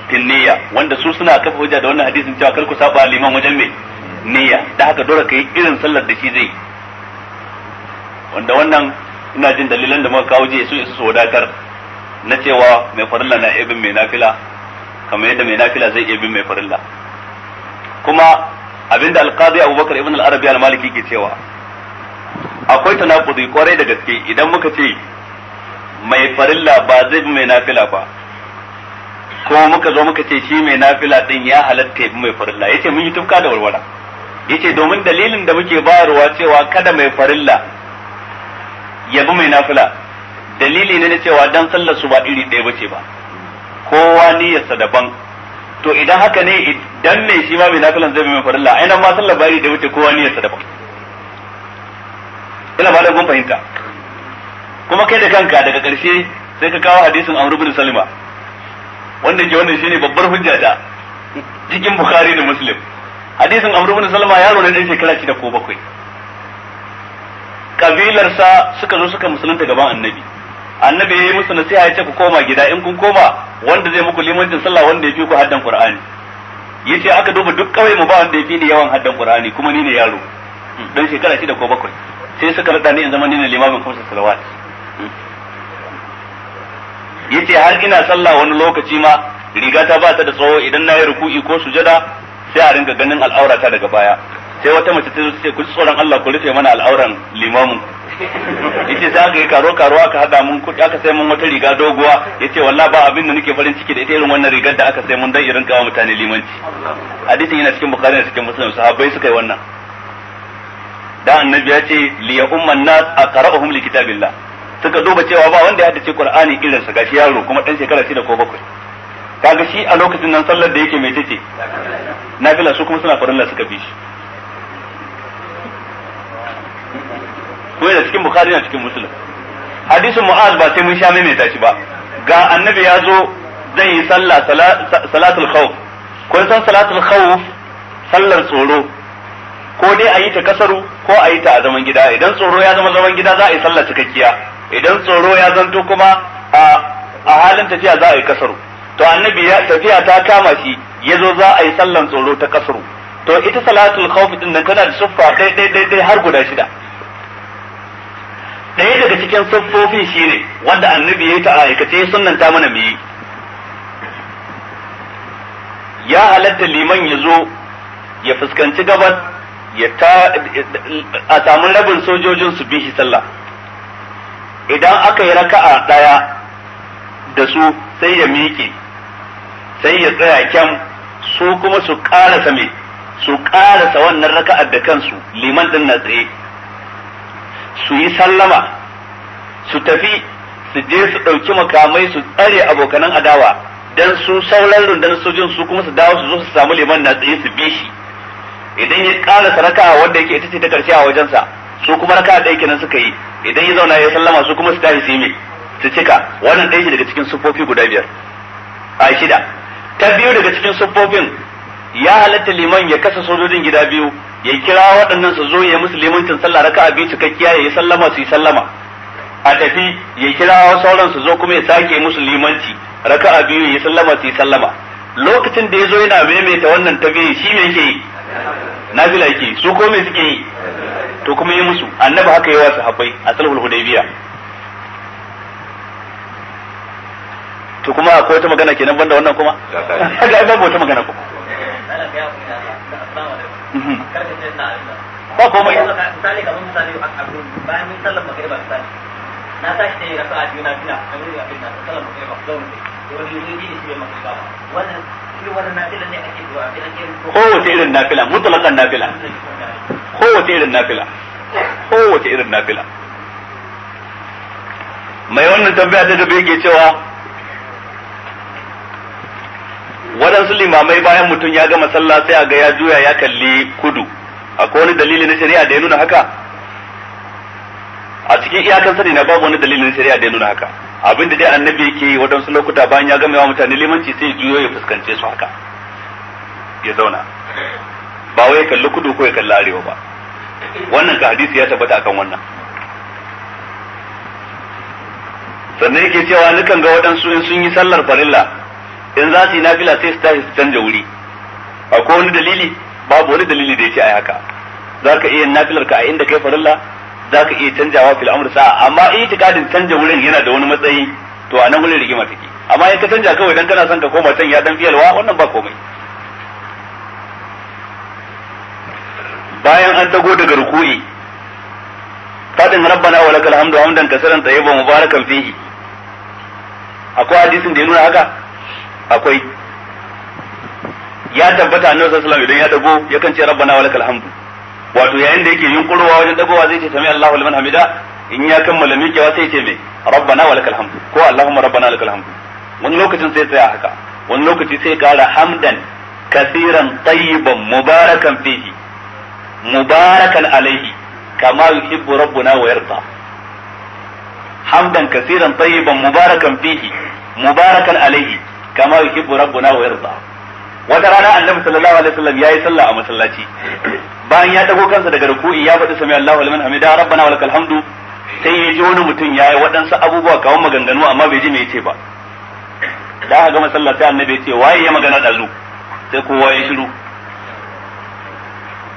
fil niyya wanda su suna kafa hujja da wannan hadisin cewa kar ku saba liman wajen me niyya da haka dole kai irin sallar da shi zai wanda wannan ina jin dalilan da muka kawo jiya su su wadatar na cewa mai farilla na ibn mai nafila kamar yadda mai nafila zai ibn mai farilla kuma abinda alqadi abubakar ibn al-arabi al-maliki ke cewa akwai tanakudi kwarai da gaske idan muka ce mai farilla ba zai bi mai nafila ba ko muka zo muka ce shi mai nafila din ya halatta ya bi mai farilla yace mun yi tufka da walwala yace domin dalilin da muke bayarwa cewa kada mai farilla ya bi mai nafila dalili ne na cewa dan sallar su ba iri ɗaya ce ba kowa niyyarsa daban to idan haka ne idan ne shi ma mai nafilan zai bi mai farilla ainihin ma sallar ba iri ɗaya ce kowa niyyarsa daban ina ba da kun fahimta kuma kai da kanka daga ƙarshe sai ka kawo hadisin Amr ibn Salima wanda ke wannan shine babbar hujja da cikin Bukhari da Muslim hadisin Amr ibn Salima yaro ne dan shekara shida ko bakwai. kabilarsa suka zo suka musulunta gaban annabi annabi ya yi musu nasiha ya ce ku koma gida in kun koma wanda zai muku limancin sallah wanda ya fi ku haddan Qur'ani yace aka duba duk kawai mu ba wanda ya fi ni yawan haddan Qur'ani kuma ni ne yaro dan shekara 6 ko bakwai sai suka rada ni in zama ni ne limamin kamsa salawat yace har ina sallah wani lokaci ma riga ta ba ta da tsawo idan na yi ruku'i ko sujada sai a ringa ganin al'aurata daga baya sai wata mace ta ce ku tsoron Allah ku rufe mana al'auran limamin (laughs) yace sai aka yi karo karo aka hada mun kuɗi aka sai mun wata riga doguwa yace wallahi ba abin da nake farin ciki da ita irin wannan rigar da aka sai mun dan irin kawo mutane limanci hadisin yana cikin bukhari da cikin muslim sahabbai suka yi wannan da annabi ya ce liya umman nas aqra'uhum likitabillah suka duba cewa ba wanda ya haddace Qur'ani irin sa gashi yaro kuma dan shekara 6 ko 7 kaga shi a lokacin nan sallar da yake mai tace nafila su kuma suna farilla suka bi shi ko da cikin bukhari na cikin muslim hadisin mu'az ba sai mun sha mai tashi ba ga annabi ya zo zai yi sallah salatul khawf ko san salatul khawf sallar tsoro ko dai a yi ta kasaru ko a yi ta a zaman gida idan tsoro ya zama zaman gida za a yi sallah cikakkiya idan tsoro ya zanto kuma a halin tafiya za a yi kasaru to annabi ya tafiya ta kama shi ya zo za a yi sallan tsoro ta kasaru to ita salatul khawf din nan tana da suffa dai dai dai dai har guda shida ɗaya daga cikin siffofin shine wanda annabi ya ta aikace ta mana meye ya halatta liman ya zo ya fuskanci gabas ya ta a samu rabin sojojin su bihi sallah idan aka yi raka'a ɗaya da su sai ya miƙe sai ya tsaya kyam su kuma su ƙarasa me su ƙarasa wannan raka'ar da kansu liman ɗin na tsaye su yi sallama su tafi su je su ɗauki makamai su tsare abokanan adawa dan su sauran rundunar sojin su kuma su dawo su zo su samu liman na tsaye su bi shi idan ya ƙarasa raka'a wanda yake ita ce ta karshe a wajensa su kuma raka ɗaya kenan suka yi idan ya zauna ya sallama su kuma su tashi su yi me su cika wannan ɗaya daga cikin sufofi guda biyar a shida ta biyu daga cikin sufofin ya halatta liman ya kasa sojojin gida biyu ya kira waɗannan su zo ya musu limancin sallah raka a biyu cikakkiya ya yi sallama su yi sallama a tafi ya kira sauran su zo kuma ya sake musu limanci a biyu ya yi sallama su yi sallama lokacin da ya zo yana maimaita wannan ta biyu shi me yake yi Na fila yake su ko me suke yi to kuma yi musu annabi haka yi wa sahabbai a sulhul hudaybiya to kuma akwai wata magana kenan banda wannan kuma ga ga babu wata magana ko mhm. ba ko komai misali kamar misali a bayan mun sallar magriba misali na tashi da raka'a biyu na tuna kamar da abin na sallar magriba ko wani yuji ne shi bai magriba wannan shi wannan nafila ne ake zuwa ko kowace irin nafila mutlaqan nafila kowace irin nafila kowace irin nafila mai wannan tambaya ta tafi yake cewa waɗansu limamai bayan mutum ya gama sallah sai a ga ya juya ya kalli kudu akwai wani dalili na shari'a da ya nuna haka a cikin iyakar sani na babu wani dalilin shari'a da ya nuna haka abin da dai annabi yake yi waɗansu lokuta bayan ya gama yawa mutane limanci sai juyo ya fuskance su haka ya zauna ba wai kalli kudu ko ya kalli arewa ba wannan ka hadisi ya tabbata akan wannan sannan yake cewa nukan ga waɗansu in sun yi sallar farilla in za su yi nafila sai su tashi su canja wuri akwai wani dalili babu wani dalili da ya ce ai haka za ka iya nafilar ka a inda kai farilla za ka iya canjawa fil amr sa'a amma itikadin canja wurin yana da wani matsayi to a nan wurin rigima take amma in ka canja kawai dan kana son ka koma can ya dan fiyalwa wannan ba komai bayan an dago daga ruku'i fadin rabbana wa lakal hamdu hamdan kasaran tayyiban mubarakan fihi akwai hadisin da ya nuna haka akwai ya tabbata annabi sallallahu alaihi wasallam idan ya dago yakan ce rabbana wa lakal hamdu wato yayin da yake yunkurowa wajen dagowa zai ce sami Allahu liman hamida in ya kammala miƙewa sai ce me rabbana wa lakal hamdu ko allahumma rabbana lakal hamdu wani lokacin sai tsaya haka wani lokaci sai kara hamdan kasiran tayyiban mubarakan fihi mubarakan alaihi kama yuhibbu rabbuna wa yarda hamdan kaseeran tayyiban mubarakan fihi mubarakan alaihi kama yuhibbu rabbuna wa yarda wata rana annabi sallallahu alaihi wasallam yayi sallah a masallaci bayan ya dago kansa daga ruku'i ya faɗi sami Allahu liman hamida rabbana wa lakal hamdu sai ya ji wani mutum yayi waɗansu abubuwa kawo maganganu amma bai ji me yace ba da aka gama sallah annabi ya ce waye ya magana dazu sai kowa ya shiru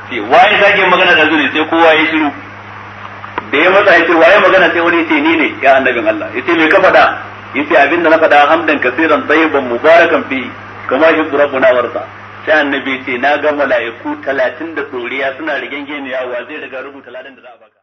sai waye zage magana da zuri sai kowa ya shiru da ya matsa ya waye magana sai wani ce ni ne ya annabin Allah yace me ka faɗa yace abin da na faɗa hamdan kasiran tayyiban mubarakan fi kama yuhibbu rabbuna warda sai annabi ce na ga mala'iku 30 da tsoriya suna rigengeniya wa zai daga rubuta ladan da za a baka